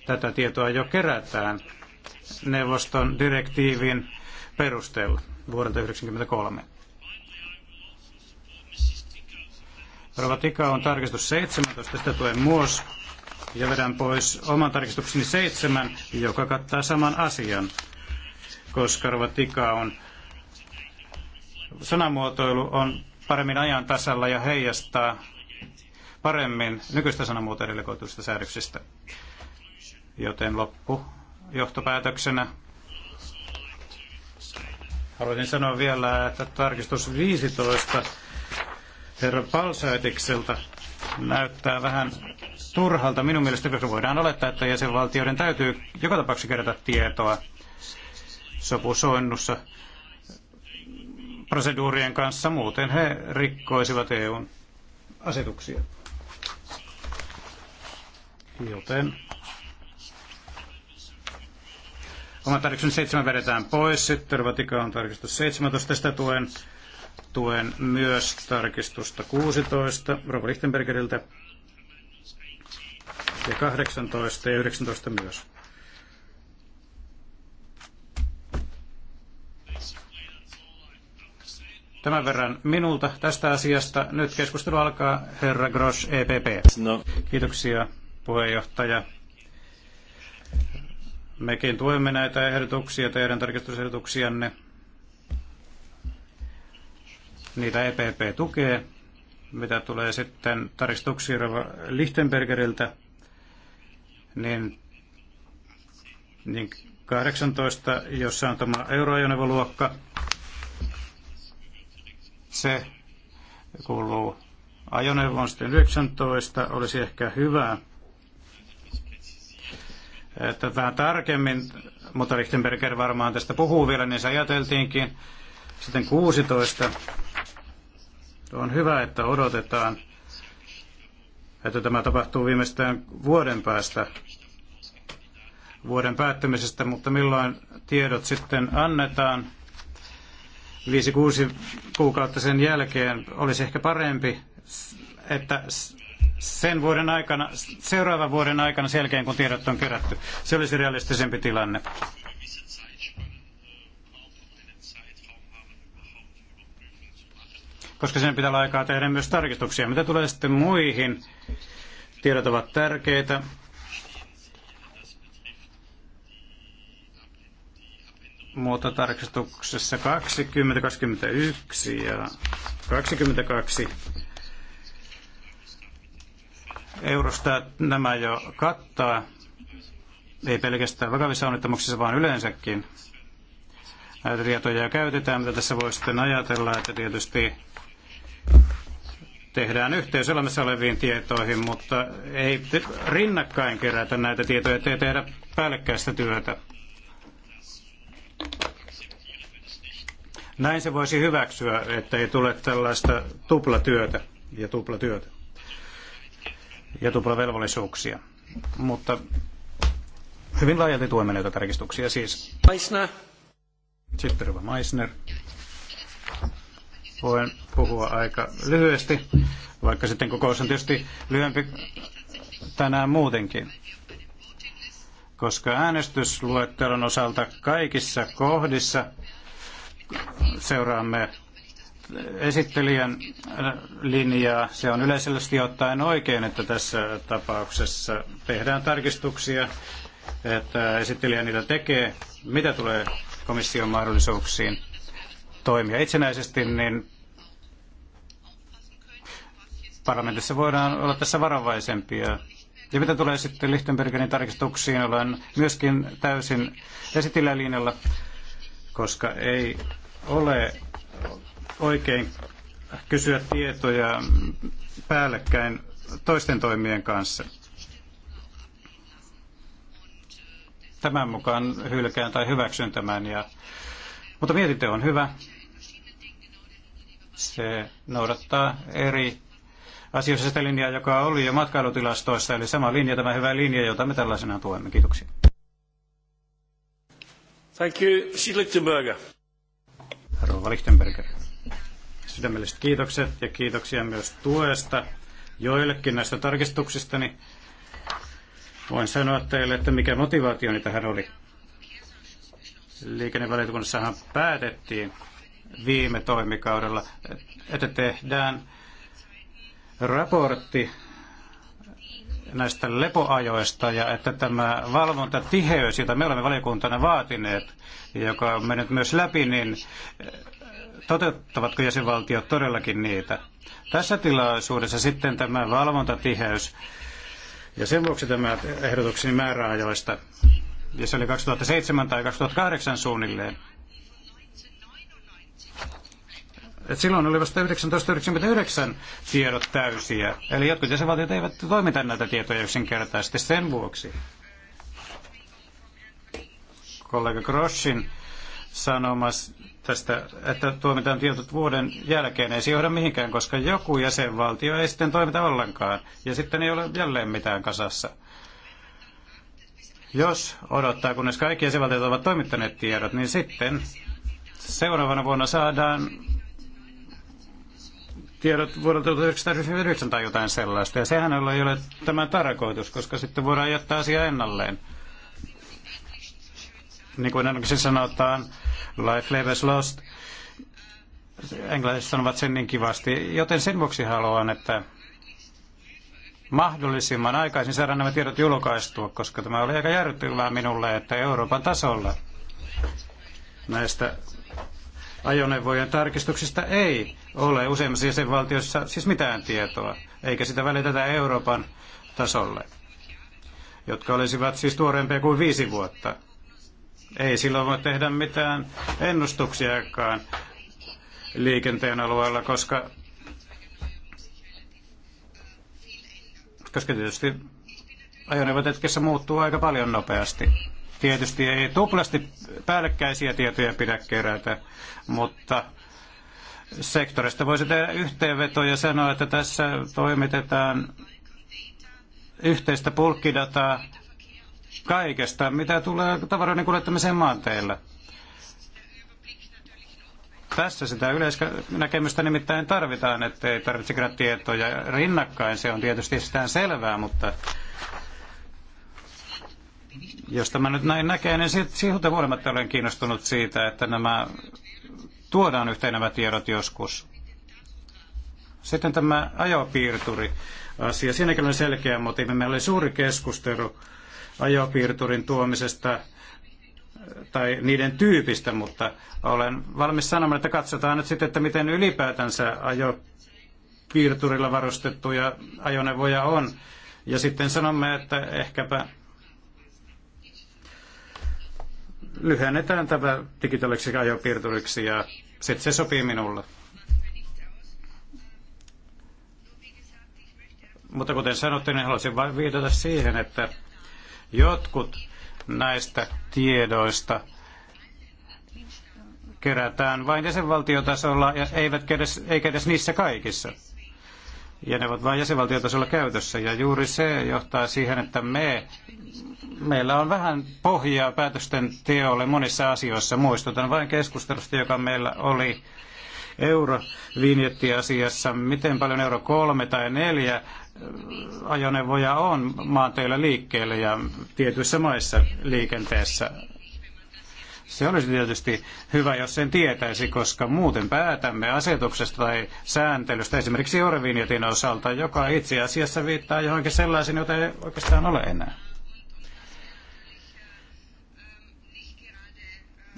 Tätä tietoa jo kerätään neuvoston direktiivin perusteella vuodelta 1993. Rova on tarkistus 17, sitä tuen muos. Ja vedän pois oman tarkistukseni 7, joka kattaa saman asian, koska Rova on sanamuotoilu on paremmin ajan tasalla ja heijastaa paremmin nykyistä sanamuuta delegoituista säädöksistä. Joten loppu johtopäätöksenä haluaisin sanoa vielä, että tarkistus 15 herra Palsaitikselta näyttää vähän turhalta minun mielestä, koska voidaan olettaa, että jäsenvaltioiden täytyy joka tapauksessa kerätä tietoa sopusoinnussa proseduurien kanssa, muuten he rikkoisivat EUn asetuksia. Joten Oma tarkistus 7 vedetään pois, sitten on tarkistus 17, tästä tuen, tuen myös tarkistusta 16 Rova Lichtenbergeriltä ja 18 ja 19 myös. Tämän verran minulta tästä asiasta. Nyt keskustelu alkaa. Herra Grosch, EPP. No. Kiitoksia puheenjohtaja. Mekin tuemme näitä ehdotuksia, teidän tarkistusehdotuksianne. Niitä EPP tukee. Mitä tulee sitten tarkistuksiin Lichtenbergeriltä, niin, niin 18, jossa on tämä euroajoneuvoluokka, se kuuluu ajoneuvon sitten 19, olisi ehkä hyvä, että vähän tarkemmin, mutta Lichtenberger varmaan tästä puhuu vielä, niin se ajateltiinkin. Sitten 16. On hyvä, että odotetaan, että tämä tapahtuu viimeistään vuoden päästä vuoden päättymisestä, mutta milloin tiedot sitten annetaan 5-6 kuukautta sen jälkeen, olisi ehkä parempi, että sen vuoden aikana, seuraavan vuoden aikana sen jälkeen, kun tiedot on kerätty. Se olisi realistisempi tilanne. Koska sen pitää olla aikaa tehdä myös tarkistuksia. Mitä tulee sitten muihin, tiedot ovat tärkeitä. Muuta tarkistuksessa 20, 21 ja 22 Eurosta nämä jo kattaa, ei pelkästään vakavissa onnettomuuksissa, vaan yleensäkin. Näitä tietoja käytetään, mitä tässä voi sitten ajatella, että tietysti tehdään yhteys olemassa oleviin tietoihin, mutta ei rinnakkain kerätä näitä tietoja, ettei tehdä päällekkäistä työtä. Näin se voisi hyväksyä, että ei tule tällaista tuplatyötä ja tuplatyötä ja tuplavelvollisuuksia. Mutta hyvin laajalti tuemme näitä tarkistuksia siis. Meissner. Sitten Rova Meissner. Voin puhua aika lyhyesti, vaikka sitten kokous on tietysti lyhyempi tänään muutenkin. Koska äänestysluettelon osalta kaikissa kohdissa seuraamme esittelijän äh, linjaa. Se on yleisellisesti ottaen oikein, että tässä tapauksessa tehdään tarkistuksia, että esittelijä niitä tekee, mitä tulee komission mahdollisuuksiin toimia itsenäisesti, niin parlamentissa voidaan olla tässä varovaisempia. Ja mitä tulee sitten Lichtenbergenin tarkistuksiin, olen myöskin täysin esitillä linjalla, koska ei ole oikein kysyä tietoja päällekkäin toisten toimien kanssa. Tämän mukaan hylkään tai hyväksyn tämän. Ja, mutta mietintö on hyvä. Se noudattaa eri asioissa sitä linjaa, joka oli jo matkailutilastoissa, eli sama linja, tämä hyvä linja, jota me tällaisena tuemme. Kiitoksia. Thank you. Rova Lichtenberger. Sydämelliset kiitokset ja kiitoksia myös tuesta joillekin näistä tarkistuksistani. Voin sanoa teille, että mikä motivaationi tähän oli. Liikennevaliokunnassahan päätettiin viime toimikaudella, että tehdään raportti näistä lepoajoista ja että tämä valvontatiheys, jota me olemme valiokuntana vaatineet, joka on mennyt myös läpi, niin toteuttavatko jäsenvaltiot todellakin niitä. Tässä tilaisuudessa sitten tämä valvontatiheys ja sen vuoksi tämä ehdotukseni määräajoista, ja se oli 2007 tai 2008 suunnilleen. Et silloin oli vasta 1999 tiedot täysiä, eli jotkut jäsenvaltiot eivät toimita näitä tietoja yksinkertaisesti sen vuoksi. Kollega Groschin sanomassa tästä, että tuomitaan tietyt vuoden jälkeen, ei se johda mihinkään, koska joku jäsenvaltio ei sitten toimita ollenkaan, ja sitten ei ole jälleen mitään kasassa. Jos odottaa, kunnes kaikki jäsenvaltiot ovat toimittaneet tiedot, niin sitten seuraavana vuonna saadaan tiedot vuodelta 1999 tai jotain sellaista, ja sehän ei ole tämä tarkoitus, koska sitten voidaan jättää asia ennalleen. Niin kuin ennenkin sanotaan, Life Levels Lost. Englannissa sanovat sen niin kivasti. Joten sen vuoksi haluan, että mahdollisimman aikaisin saada nämä tiedot julkaistua, koska tämä oli aika järkyttävää minulle, että Euroopan tasolla näistä ajoneuvojen tarkistuksista ei ole useimmissa jäsenvaltioissa siis mitään tietoa, eikä sitä välitetä Euroopan tasolle, jotka olisivat siis tuoreempia kuin viisi vuotta. Ei silloin voi tehdä mitään ennustuksiakaan liikenteen alueella, koska, koska tietysti hetkessä muuttuu aika paljon nopeasti. Tietysti ei tuplasti päällekkäisiä tietoja pidä kerätä, mutta sektorista voisi tehdä yhteenveto ja sanoa, että tässä toimitetaan yhteistä pulkkidataa kaikesta, mitä tulee tavaroiden kuljettamiseen maanteillä. Tässä sitä yleisnäkemystä nimittäin tarvitaan, ettei tarvitse kerätä tietoja rinnakkain. Se on tietysti sitä selvää, mutta jos tämä nyt näin näkee, niin siitä huolimatta olen kiinnostunut siitä, että nämä tuodaan yhteen nämä tiedot joskus. Sitten tämä ajopiirturi asia. Siinäkin oli selkeä motiivi. Meillä oli suuri keskustelu ajopiirturin tuomisesta tai niiden tyypistä, mutta olen valmis sanomaan, että katsotaan nyt sitten, että miten ylipäätänsä ajopiirturilla varustettuja ajoneuvoja on. Ja sitten sanomme, että ehkäpä lyhennetään tämä digitaaliseksi ajopiirturiksi ja sitten se sopii minulle. Mutta kuten sanottiin, niin haluaisin vain viitata siihen, että Jotkut näistä tiedoista kerätään vain jäsenvaltiotasolla ja eivät edes, eikä edes niissä kaikissa. Ja ne ovat vain jäsenvaltiotasolla käytössä. Ja juuri se johtaa siihen, että me, meillä on vähän pohjaa päätösten teolle monissa asioissa. Muistutan vain keskustelusta, joka meillä oli eurovinjettiasiassa, miten paljon euro kolme tai neljä ajoneuvoja on maanteillä liikkeellä ja tietyissä maissa liikenteessä. Se olisi tietysti hyvä, jos sen tietäisi, koska muuten päätämme asetuksesta tai sääntelystä, esimerkiksi Eurovinjetin osalta, joka itse asiassa viittaa johonkin sellaisiin, jota ei oikeastaan ole enää.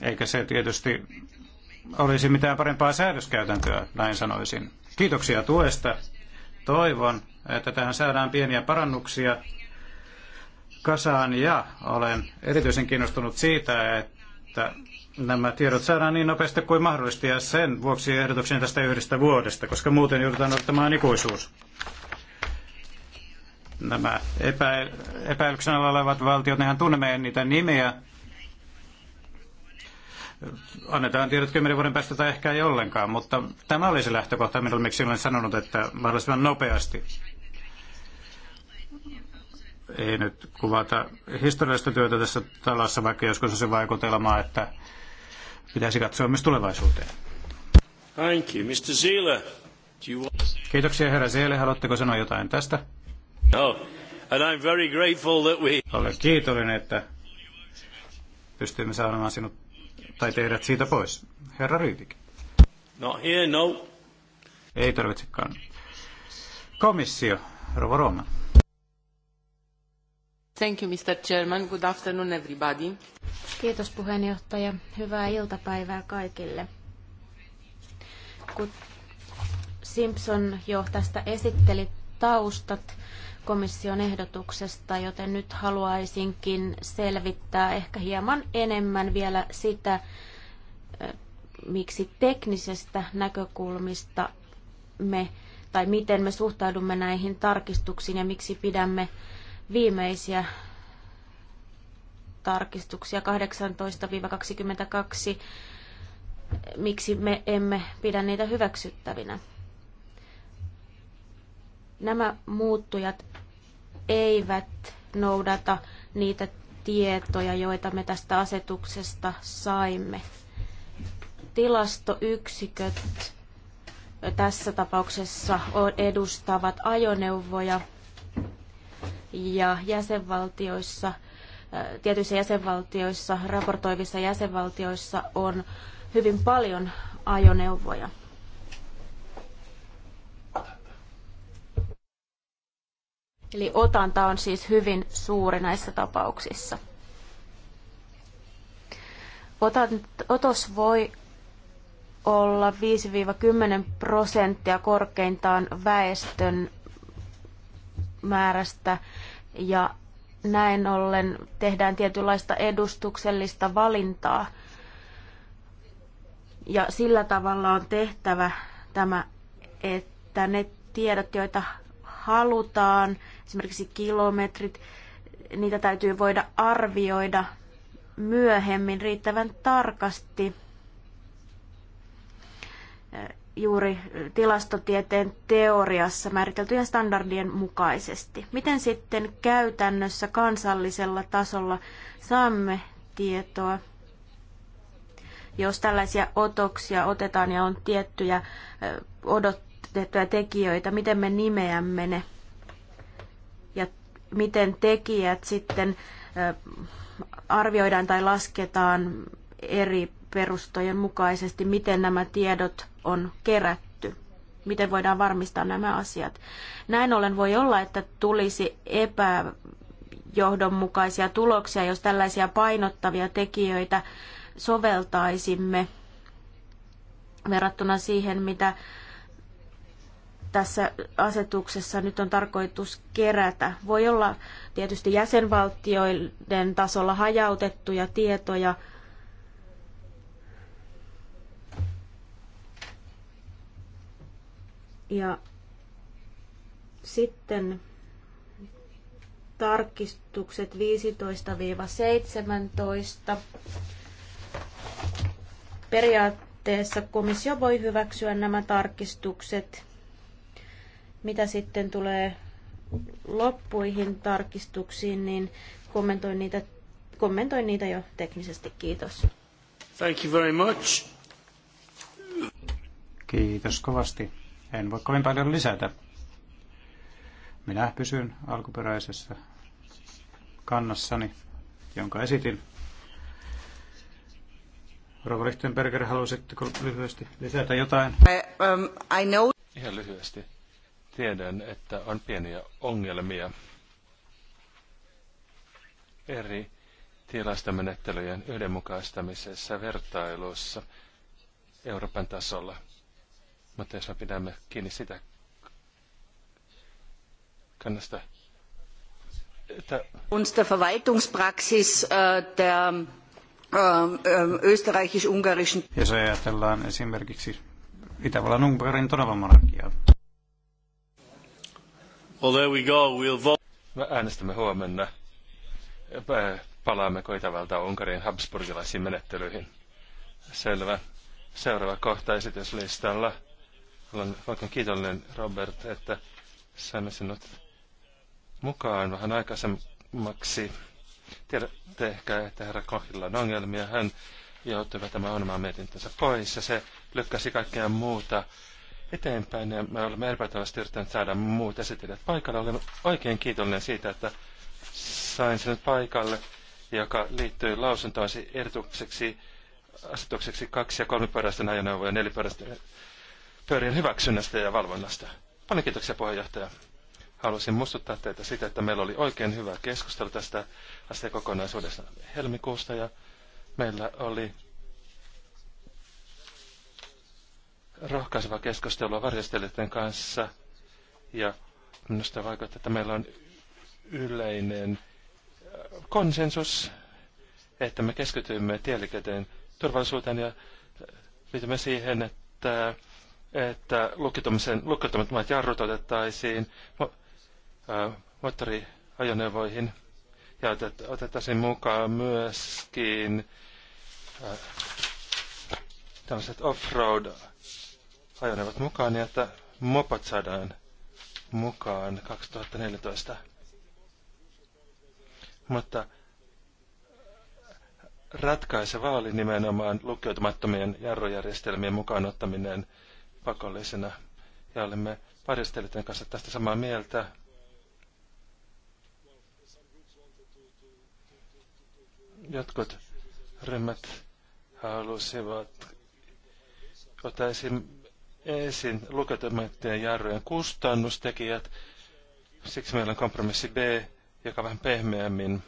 Eikä se tietysti olisi mitään parempaa säädöskäytäntöä, näin sanoisin. Kiitoksia tuesta. Toivon, että tähän saadaan pieniä parannuksia kasaan ja olen erityisen kiinnostunut siitä, että nämä tiedot saadaan niin nopeasti kuin mahdollista ja sen vuoksi ehdotuksen tästä yhdestä vuodesta, koska muuten joudutaan ottamaan ikuisuus. Nämä epä, epäilyksen alla olevat valtiot, nehän tunnemme niitä nimiä. Annetaan tiedot kymmenen vuoden päästä tai ehkä ei ollenkaan, mutta tämä oli se lähtökohta, millä miksi olen sanonut, että mahdollisimman nopeasti ei nyt kuvata historiallista työtä tässä talossa, vaikka joskus on se vaikutelma, että pitäisi katsoa myös tulevaisuuteen. Thank you. Mr. Zille. do you want... Kiitoksia herra Zeele. Haluatteko sanoa jotain tästä? No. And I'm very grateful that we... Olen kiitollinen, että pystymme saamaan sinut tai teidät siitä pois. Herra Ryytik. Not here, no. Ei tarvitsekaan. Komissio, Rova Roman. Thank you, Mr. Chairman. Good afternoon, everybody. Kiitos puheenjohtaja. Hyvää iltapäivää kaikille. Kun Simpson jo tästä esitteli taustat komission ehdotuksesta, joten nyt haluaisinkin selvittää ehkä hieman enemmän vielä sitä, miksi teknisestä näkökulmista me tai miten me suhtaudumme näihin tarkistuksiin ja miksi pidämme viimeisiä tarkistuksia 18-22, miksi me emme pidä niitä hyväksyttävinä. Nämä muuttujat eivät noudata niitä tietoja, joita me tästä asetuksesta saimme. Tilastoyksiköt tässä tapauksessa edustavat ajoneuvoja, ja jäsenvaltioissa, tietyissä jäsenvaltioissa, raportoivissa jäsenvaltioissa on hyvin paljon ajoneuvoja. Eli otanta on siis hyvin suuri näissä tapauksissa. Otos voi olla 5-10 prosenttia korkeintaan väestön määrästä ja näin ollen tehdään tietynlaista edustuksellista valintaa. Ja sillä tavalla on tehtävä tämä, että ne tiedot, joita halutaan, esimerkiksi kilometrit, niitä täytyy voida arvioida myöhemmin riittävän tarkasti juuri tilastotieteen teoriassa määriteltyjen standardien mukaisesti. Miten sitten käytännössä kansallisella tasolla saamme tietoa, jos tällaisia otoksia otetaan ja on tiettyjä odotettuja tekijöitä, miten me nimeämme ne ja miten tekijät sitten arvioidaan tai lasketaan eri perustojen mukaisesti, miten nämä tiedot on kerätty. Miten voidaan varmistaa nämä asiat? Näin ollen voi olla, että tulisi epäjohdonmukaisia tuloksia, jos tällaisia painottavia tekijöitä soveltaisimme verrattuna siihen, mitä tässä asetuksessa nyt on tarkoitus kerätä. Voi olla tietysti jäsenvaltioiden tasolla hajautettuja tietoja Ja sitten tarkistukset 15-17. Periaatteessa komissio voi hyväksyä nämä tarkistukset. Mitä sitten tulee loppuihin tarkistuksiin, niin kommentoin niitä, kommentoin niitä jo teknisesti. Kiitos. Thank you very much. Kiitos kovasti. En voi kovin paljon lisätä. Minä pysyn alkuperäisessä kannassani, jonka esitin. Rova Lichtenberger, haluaisitteko lyhyesti lisätä jotain? I, um, I know. Ihan lyhyesti. Tiedän, että on pieniä ongelmia eri tilastamenettelyjen yhdenmukaistamisessa vertailussa Euroopan tasolla – mutta jos me pidämme kiinni sitä kannasta, että... Uns der Verwaltungspraxis äh, der äh, äh, österreichisch-ungarischen... Jos ajatellaan esimerkiksi Itävallan Unkarin monarkiaa. Well, there we go. We'll vote. Me äänestämme huomenna. Palaamme koitavalta Unkarin Habsburgilaisiin menettelyihin? Selvä. Seuraava kohta esityslistalla. Olen oikein kiitollinen, Robert, että saimme sinut mukaan vähän aikaisemmaksi. Tiedätte ehkä, että herra Kohilla on ongelmia. Hän joutui vetämään omaa mietintönsä pois ja se lykkäsi kaikkea muuta eteenpäin. Ja me olemme erpäätävästi yrittäneet saada muut esitelijät paikalle. Olen oikein kiitollinen siitä, että sain sinut paikalle, joka liittyy lausuntoasi erityiseksi asetukseksi kaksi- ja kolmipäräisten ajoneuvojen ja nelipyöräisten pöörien hyväksynnästä ja valvonnasta. Paljon kiitoksia puheenjohtaja. Haluaisin muistuttaa teitä siitä, että meillä oli oikein hyvä keskustelu tästä asiakokonaisuudesta helmikuusta ja meillä oli rohkaiseva keskustelua varjostelijoiden kanssa ja minusta vaikuttaa, että meillä on yleinen äh, konsensus, että me keskitymme tieliikenteen turvallisuuteen ja liitymme siihen, että että lukittomat jarrut otettaisiin mo- äh, moottoriajoneuvoihin ja otet, otettaisiin mukaan myöskin äh, tämmöiset off-road-ajoneuvot mukaan, niin että mopot saadaan mukaan 2014. Mutta ratkaiseva oli nimenomaan lukeutumattomien jarrojärjestelmien mukaan ottaminen – pakollisena. Ja olemme varjostelijoiden kanssa tästä samaa mieltä. Jotkut ryhmät halusivat ottaa esiin, esiin lukeutumattomien jarrujen kustannustekijät. Siksi meillä on kompromissi B, joka vähän pehmeämmin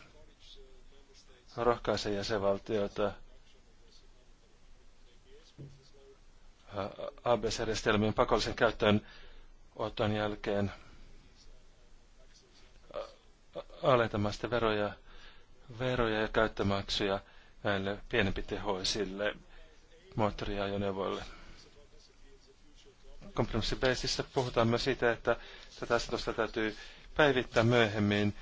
rohkaisee jäsenvaltiota ABS-järjestelmien pakollisen käyttöön oton jälkeen alentamasta veroja, veroja ja käyttömaksuja näille pienempitehoisille moottoriajoneuvoille. Kompromissi Basissä puhutaan myös siitä, että tätä asetusta täytyy päivittää myöhemmin,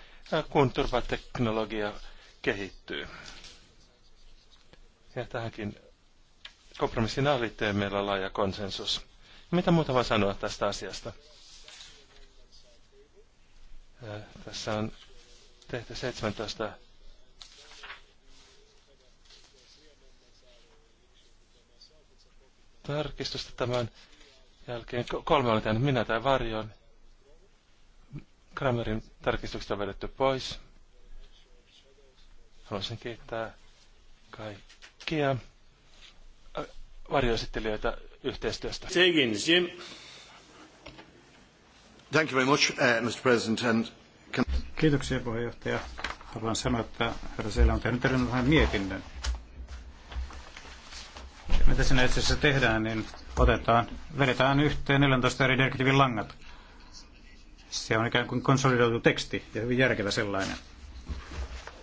kun turvateknologia kehittyy. Ja tähänkin Kompromissin alitteen meillä on laaja konsensus. Mitä muuta voi sanoa tästä asiasta? Tässä on tehty 17 tarkistusta tämän jälkeen. Kolme oli tehnyt minä tai varjon. Kramerin tarkistukset on vedetty pois. Haluaisin kiittää kaikkia varjoesittelijöitä yhteistyöstä. Jim. Thank you very much, uh, Mr. President. And can... Kiitoksia puheenjohtaja. Haluan sanoa, että herra Seilä on tehnyt erinomaisen mietinnön. Mitä siinä itse asiassa tehdään, niin otetaan, vedetään yhteen 14 eri direktiivin langat. Se on ikään kuin konsolidoitu teksti ja hyvin järkevä sellainen,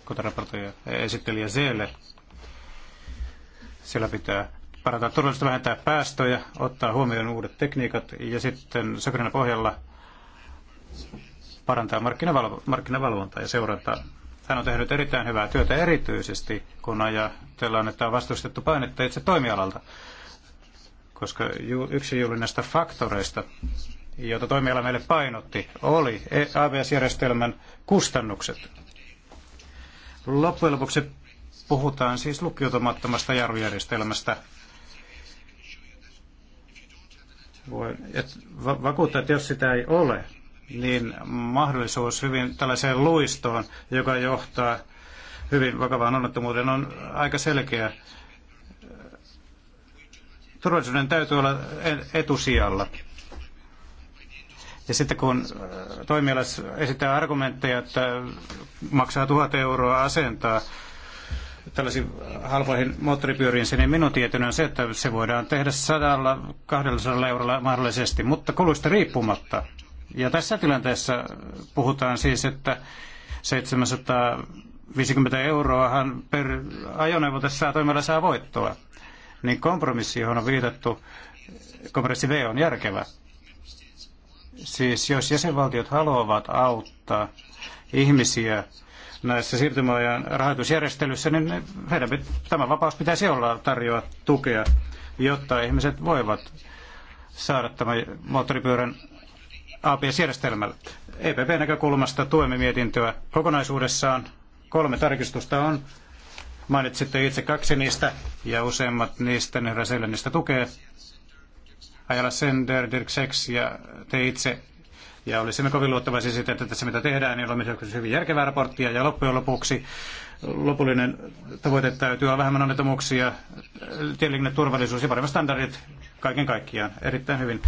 kuten esittelijä Seele. Siellä pitää parantaa turvallisuutta, vähentää päästöjä, ottaa huomioon uudet tekniikat ja sitten sokerina pohjalla parantaa markkinavalvo- markkinavalvontaa ja seurantaa. Hän on tehnyt erittäin hyvää työtä erityisesti, kun ajatellaan, että on vastustettu painetta itse toimialalta, koska yksi juuri näistä faktoreista, joita toimiala meille painotti, oli e- ABS-järjestelmän kustannukset. Loppujen lopuksi puhutaan siis lukiutumattomasta jarrujärjestelmästä, va, vakuuttaa, että jos sitä ei ole, niin mahdollisuus hyvin tällaiseen luistoon, joka johtaa hyvin vakavaan onnettomuuteen, on aika selkeä. Turvallisuuden täytyy olla etusijalla. Ja sitten kun äh, toimialas esittää argumentteja, että maksaa tuhat euroa asentaa tällaisiin halvoihin moottoripyöriinsä, niin minun tietoni on se, että se voidaan tehdä 100-200 eurolla mahdollisesti, mutta kuluista riippumatta. Ja tässä tilanteessa puhutaan siis, että 750 euroahan per ajoneuvo tässä saa toimilla saa voittoa. Niin kompromissi, johon on viitattu, kompromissi V on järkevä. Siis jos jäsenvaltiot haluavat auttaa ihmisiä näissä siirtymäajan rahoitusjärjestelyissä, niin heidän, tämä vapaus pitäisi olla tarjoa tukea, jotta ihmiset voivat saada tämän moottoripyörän abs järjestelmällä EPP-näkökulmasta tuemme mietintöä kokonaisuudessaan. Kolme tarkistusta on. Mainitsitte itse kaksi niistä ja useimmat niistä Nyhrä niistä tukee. Ajala Sender, Dirk Seks ja te itse ja olisimme kovin luottavaisia siitä, että tässä mitä tehdään, niin olemme hyvin järkevää raporttia. Ja loppujen lopuksi lopullinen tavoite täytyy olla vähemmän onnettomuuksia, tieliikenne turvallisuus ja paremmat standardit kaiken kaikkiaan. Erittäin hyvin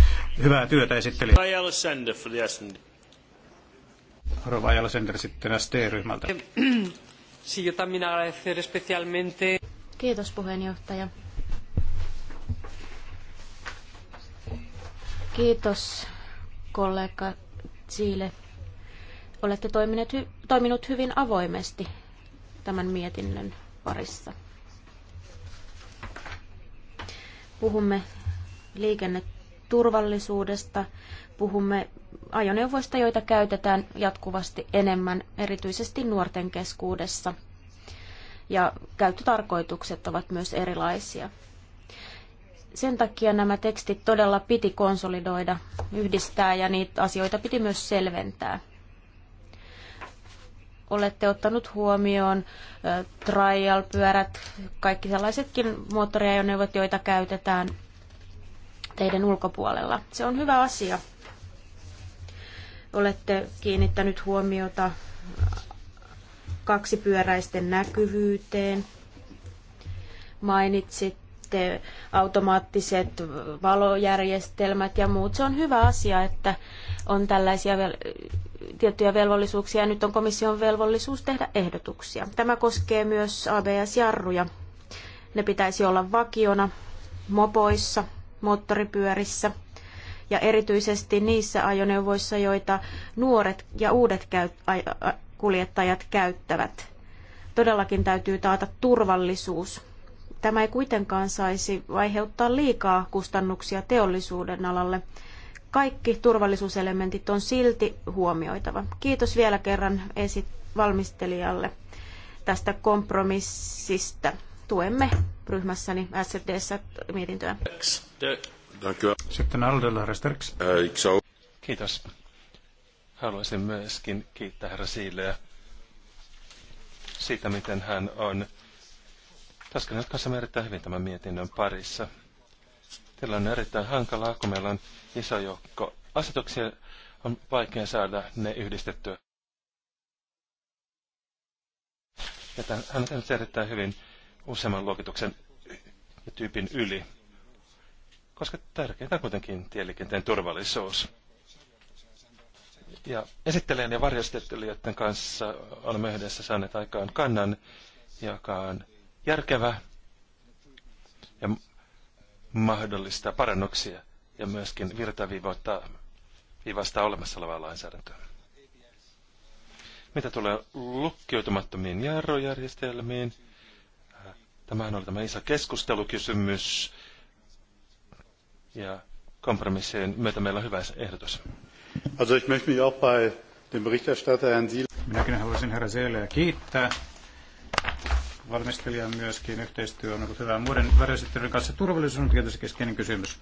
hyvää työtä esitteli. Rova Ajala Sender sitten ST-ryhmältä. Kiitos puheenjohtaja. Kiitos kollega Chile. Olette toimineet, toiminut hyvin avoimesti tämän mietinnön parissa. Puhumme liikenneturvallisuudesta, puhumme ajoneuvoista, joita käytetään jatkuvasti enemmän, erityisesti nuorten keskuudessa. Ja käyttötarkoitukset ovat myös erilaisia sen takia nämä tekstit todella piti konsolidoida, yhdistää ja niitä asioita piti myös selventää. Olette ottanut huomioon trial-pyörät, kaikki sellaisetkin moottoriajoneuvot, joita käytetään teidän ulkopuolella. Se on hyvä asia. Olette kiinnittänyt huomiota kaksipyöräisten näkyvyyteen. Mainitsit sitten automaattiset valojärjestelmät ja muut. Se on hyvä asia, että on tällaisia vel- tiettyjä velvollisuuksia ja nyt on komission velvollisuus tehdä ehdotuksia. Tämä koskee myös ABS-jarruja. Ne pitäisi olla vakiona mopoissa, moottoripyörissä ja erityisesti niissä ajoneuvoissa, joita nuoret ja uudet kuljettajat käyttävät. Todellakin täytyy taata turvallisuus. Tämä ei kuitenkaan saisi aiheuttaa liikaa kustannuksia teollisuuden alalle. Kaikki turvallisuuselementit on silti huomioitava. Kiitos vielä kerran esit valmistelijalle tästä kompromissista. Tuemme ryhmässäni SFDssä mietintöä. Sitten Aldella Kiitos. Haluaisin myöskin kiittää herra Siileä siitä, miten hän on nyt kanssa erittäin hyvin tämän mietinnön parissa. Tilanne on erittäin hankalaa, kun meillä on iso joukko asetuksia, on vaikea saada ne yhdistettyä. Ja tämän, hän on erittäin hyvin useamman luokituksen ja tyypin yli, koska tärkeintä on kuitenkin tieliikenteen turvallisuus. Ja esittelijän ja varjostettelijöiden kanssa olemme yhdessä saaneet aikaan kannan, joka on järkevä ja mahdollistaa parannuksia ja myöskin virtaviivoittaa viivasta olemassa olevaa lainsäädäntöä. Mitä tulee lukkiutumattomiin jarrojärjestelmiin? tämähän oli tämä iso keskustelukysymys ja kompromissien myötä meillä on hyvä ehdotus. Also ich möchte mich auch bei dem Berichterstatter Herrn Siel. Minäkin haluaisin herra Seeleä kiittää valmistelija myöskin yhteistyö on ollut hyvää muiden väriesittelyiden kanssa. Turvallisuus on tietysti keskeinen kysymys,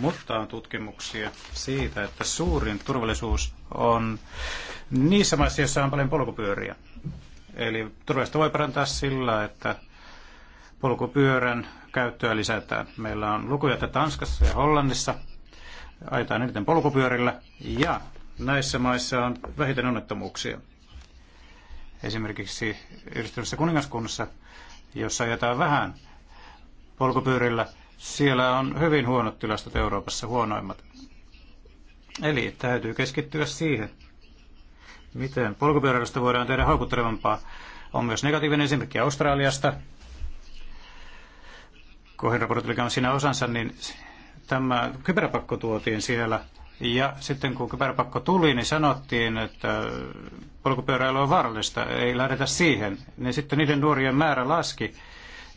mutta on tutkimuksia siitä, että suurin turvallisuus on niissä maissa, joissa on paljon polkupyöriä. Eli turvallisuutta voi parantaa sillä, että polkupyörän käyttöä lisätään. Meillä on lukuja että Tanskassa ja Hollannissa ajetaan eniten polkupyörillä ja näissä maissa on vähiten onnettomuuksia esimerkiksi yhdistyvässä kuningaskunnassa, jossa ajetaan vähän polkupyörillä, siellä on hyvin huonot tilastot Euroopassa, huonoimmat. Eli täytyy keskittyä siihen, miten polkupyöräilystä voidaan tehdä houkuttelevampaa. On myös negatiivinen esimerkki Australiasta. Kohin raportti siinä osansa, niin tämä kyberpakko tuotiin siellä – ja sitten kun kypäräpakko tuli, niin sanottiin, että polkupyöräily on vaarallista, ei lähdetä siihen. Niin sitten niiden nuorien määrä laski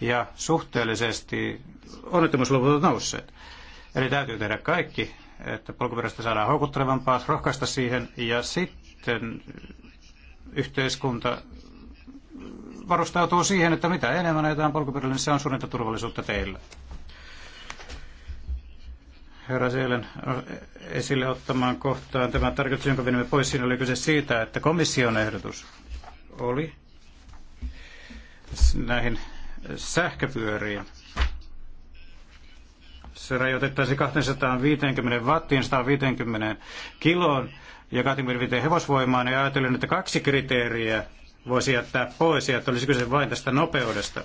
ja suhteellisesti onnettomuusluvut ovat nousseet. Eli täytyy tehdä kaikki, että polkupyörästä saadaan houkuttelevampaa, rohkaista siihen ja sitten yhteiskunta varustautuu siihen, että mitä enemmän ajetaan polkupyörällä, niin se on suunnitelma turvallisuutta teillä herra Seelen no, esille ottamaan kohtaan. Tämä tarkoitus, jonka venimme pois, siinä oli kyse siitä, että komission ehdotus oli näihin sähköpyöriin. Se rajoitettaisiin 250 wattiin, 150 kiloon ja 25 hevosvoimaan ja ajattelin, että kaksi kriteeriä voisi jättää pois ja että olisi kyse vain tästä nopeudesta.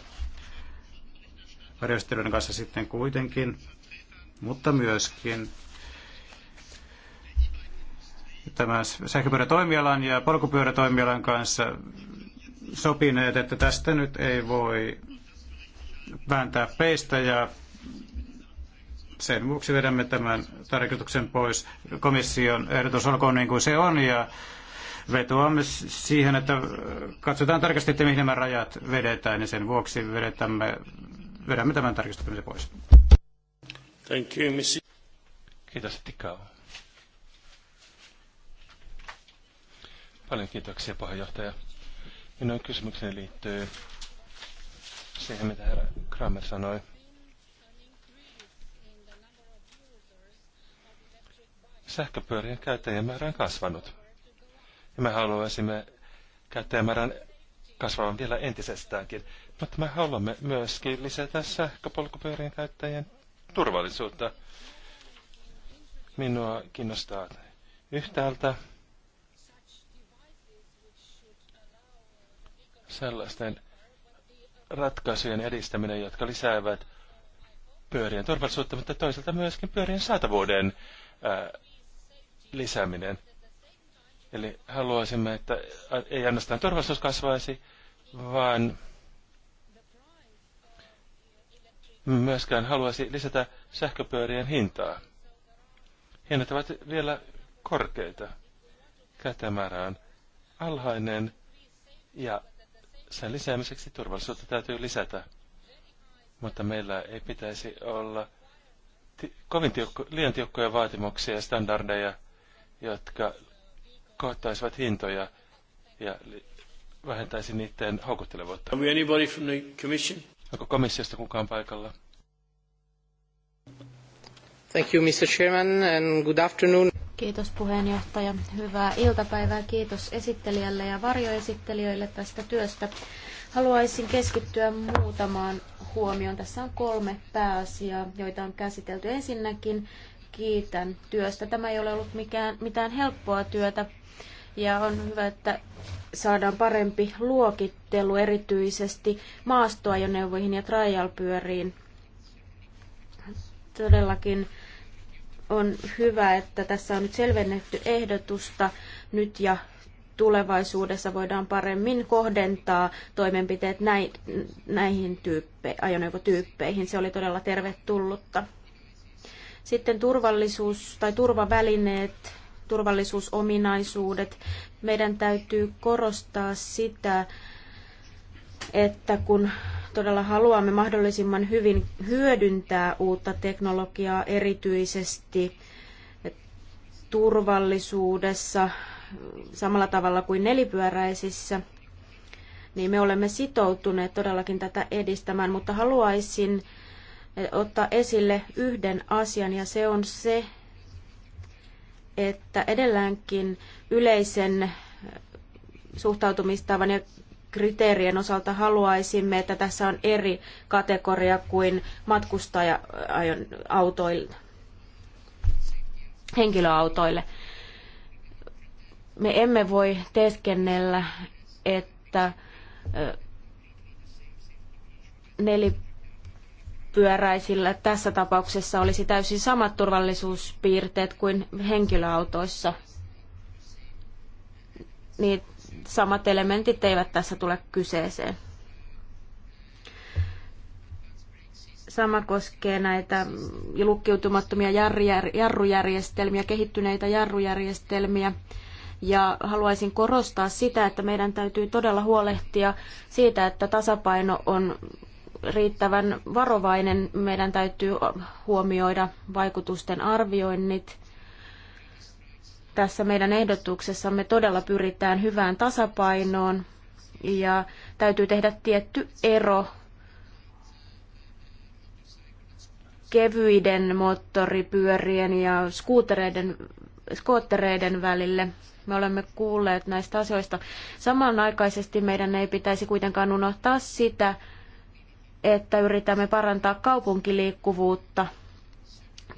Varjostelijoiden kanssa sitten kuitenkin mutta myöskin tämän sähköpyörätoimialan ja polkupyörätoimialan kanssa sopineet, että tästä nyt ei voi vääntää peistä ja sen vuoksi vedämme tämän tarkoituksen pois. Komission ehdotus olkoon niin kuin se on ja vetoamme siihen, että katsotaan tarkasti, että mihin nämä rajat vedetään ja sen vuoksi vedämme tämän tarkistuksen pois. Thank you, Kiitos, Tikao. Paljon kiitoksia, puheenjohtaja. Minun kysymykseni liittyy siihen, mitä herra Kramer sanoi. Sähköpyörien käyttäjämäärä on kasvanut. Ja me haluaisimme käyttäjämäärän kasvavan vielä entisestäänkin. Mutta me haluamme myöskin lisätä sähköpolkupyörien käyttäjien turvallisuutta. Minua kiinnostaa yhtäältä sellaisten ratkaisujen edistäminen, jotka lisäävät pyörien turvallisuutta, mutta toisaalta myöskin pyörien saatavuuden ää, lisääminen. Eli haluaisimme, että ei ainoastaan turvallisuus kasvaisi, vaan myöskään haluaisi lisätä sähköpyörien hintaa. Hinnat ovat vielä korkeita. Kätemäärä on alhainen ja sen lisäämiseksi turvallisuutta täytyy lisätä. Mutta meillä ei pitäisi olla ti- kovin tiukko, liian tiukkoja vaatimuksia ja standardeja, jotka kohtaisivat hintoja ja vähentäisi niiden houkuttelevuutta. Onko komissiosta kukaan paikalla? Thank you, Mr. Chairman, and good afternoon. Kiitos puheenjohtaja. Hyvää iltapäivää. Kiitos esittelijälle ja varjoesittelijöille tästä työstä. Haluaisin keskittyä muutamaan huomioon. Tässä on kolme pääasiaa, joita on käsitelty. Ensinnäkin kiitän työstä. Tämä ei ole ollut mikään, mitään helppoa työtä ja on hyvä, että saadaan parempi luokittelu erityisesti maastoajoneuvoihin ja trialpyöriin. Todellakin on hyvä, että tässä on nyt selvennetty ehdotusta nyt ja tulevaisuudessa voidaan paremmin kohdentaa toimenpiteet näihin tyyppe, ajoneuvotyyppeihin. Se oli todella tervetullutta. Sitten turvallisuus tai turvavälineet turvallisuusominaisuudet. Meidän täytyy korostaa sitä, että kun todella haluamme mahdollisimman hyvin hyödyntää uutta teknologiaa erityisesti turvallisuudessa samalla tavalla kuin nelipyöräisissä, niin me olemme sitoutuneet todellakin tätä edistämään, mutta haluaisin ottaa esille yhden asian ja se on se, että edelläänkin yleisen suhtautumistavan ja kriteerien osalta haluaisimme, että tässä on eri kategoria kuin matkustaja-autoille, äh, henkilöautoille. Me emme voi teeskennellä, että äh, neli pyöräisillä tässä tapauksessa olisi täysin samat turvallisuuspiirteet kuin henkilöautoissa. Niin samat elementit eivät tässä tule kyseeseen. Sama koskee näitä lukkiutumattomia jarrujärjestelmiä, kehittyneitä jarrujärjestelmiä. Ja haluaisin korostaa sitä, että meidän täytyy todella huolehtia siitä, että tasapaino on riittävän varovainen. Meidän täytyy huomioida vaikutusten arvioinnit. Tässä meidän ehdotuksessamme todella pyritään hyvään tasapainoon ja täytyy tehdä tietty ero kevyiden moottoripyörien ja skuutereiden, skoottereiden välille. Me olemme kuulleet näistä asioista. Samanaikaisesti meidän ei pitäisi kuitenkaan unohtaa sitä, että yritämme parantaa kaupunkiliikkuvuutta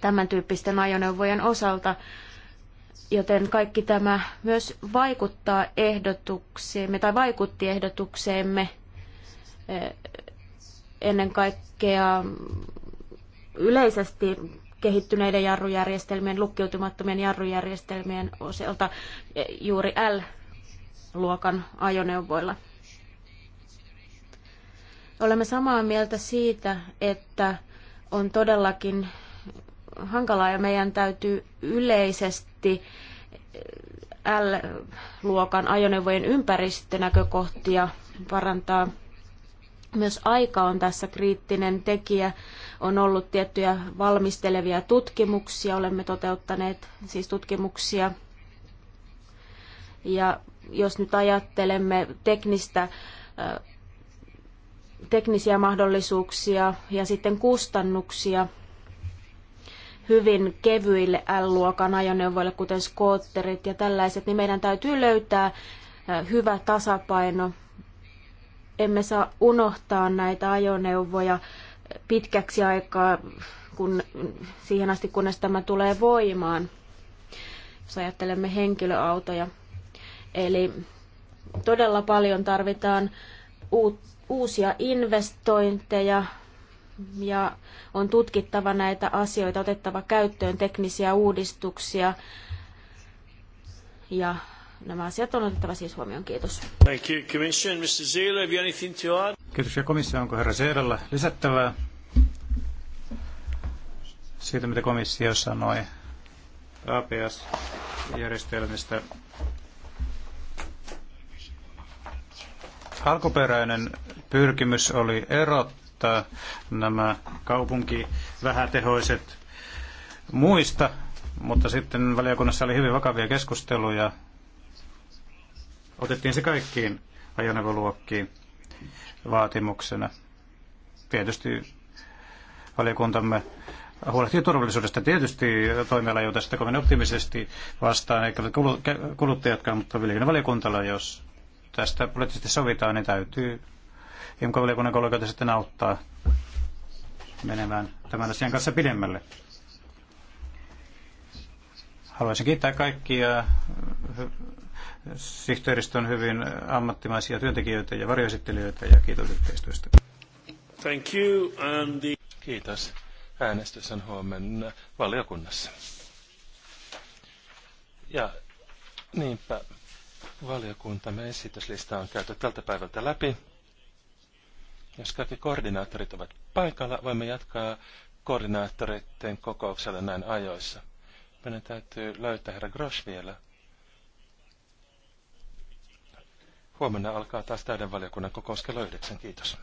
tämän tyyppisten ajoneuvojen osalta, joten kaikki tämä myös vaikuttaa ehdotuksiimme tai vaikutti ehdotukseemme eh, ennen kaikkea yleisesti kehittyneiden jarrujärjestelmien, lukkiutumattomien jarrujärjestelmien osalta eh, juuri L-luokan ajoneuvoilla. Olemme samaa mieltä siitä, että on todellakin hankalaa ja meidän täytyy yleisesti eh, L-luokan ajoneuvojen ympäristönäkökohtia parantaa. Myös aika on tässä kriittinen tekijä. On ollut tiettyjä valmistelevia tutkimuksia, olemme toteuttaneet siis tutkimuksia. Ja jos nyt ajattelemme teknistä eh, teknisiä mahdollisuuksia ja sitten kustannuksia hyvin kevyille L-luokan ajoneuvoille, kuten skootterit ja tällaiset, niin meidän täytyy löytää hyvä tasapaino. Emme saa unohtaa näitä ajoneuvoja pitkäksi aikaa kun, siihen asti, kunnes tämä tulee voimaan, jos ajattelemme henkilöautoja. Eli todella paljon tarvitaan uutta uusia investointeja ja on tutkittava näitä asioita, otettava käyttöön teknisiä uudistuksia ja nämä asiat on otettava siis huomioon. Kiitos. Thank you, Commission. Mr. Zeele, have you anything to add? Kiitoksia komissio. Onko herra seeralla lisättävää siitä, mitä komissio sanoi APS-järjestelmistä? Alkuperäinen pyrkimys oli erottaa nämä kaupunkivähätehoiset muista, mutta sitten valiokunnassa oli hyvin vakavia keskusteluja. Otettiin se kaikkiin ajoneuvoluokkiin vaatimuksena. Tietysti valiokuntamme huolehtii turvallisuudesta. Tietysti toimiala ei sitä kovin optimisesti vastaan, eikä kuluttajatkaan, mutta valiokuntalla, jos tästä poliittisesti sovitaan, niin täytyy IMK-valiokunnan kollegoita sitten auttaa menemään tämän asian kanssa pidemmälle. Haluaisin kiittää kaikkia sihteeristön hyvin ammattimaisia työntekijöitä ja varjoesittelijöitä ja kiitos yhteistyöstä. Thank you and the... Kiitos. Äänestys on huomenna valiokunnassa. Ja niinpä valiokuntamme esityslista on käyty tältä päivältä läpi. Jos kaikki koordinaattorit ovat paikalla, voimme jatkaa koordinaattoreiden kokouksella näin ajoissa. Meidän täytyy löytää herra Grosch vielä. Huomenna alkaa taas täyden valiokunnan kokous kello 9. Kiitos.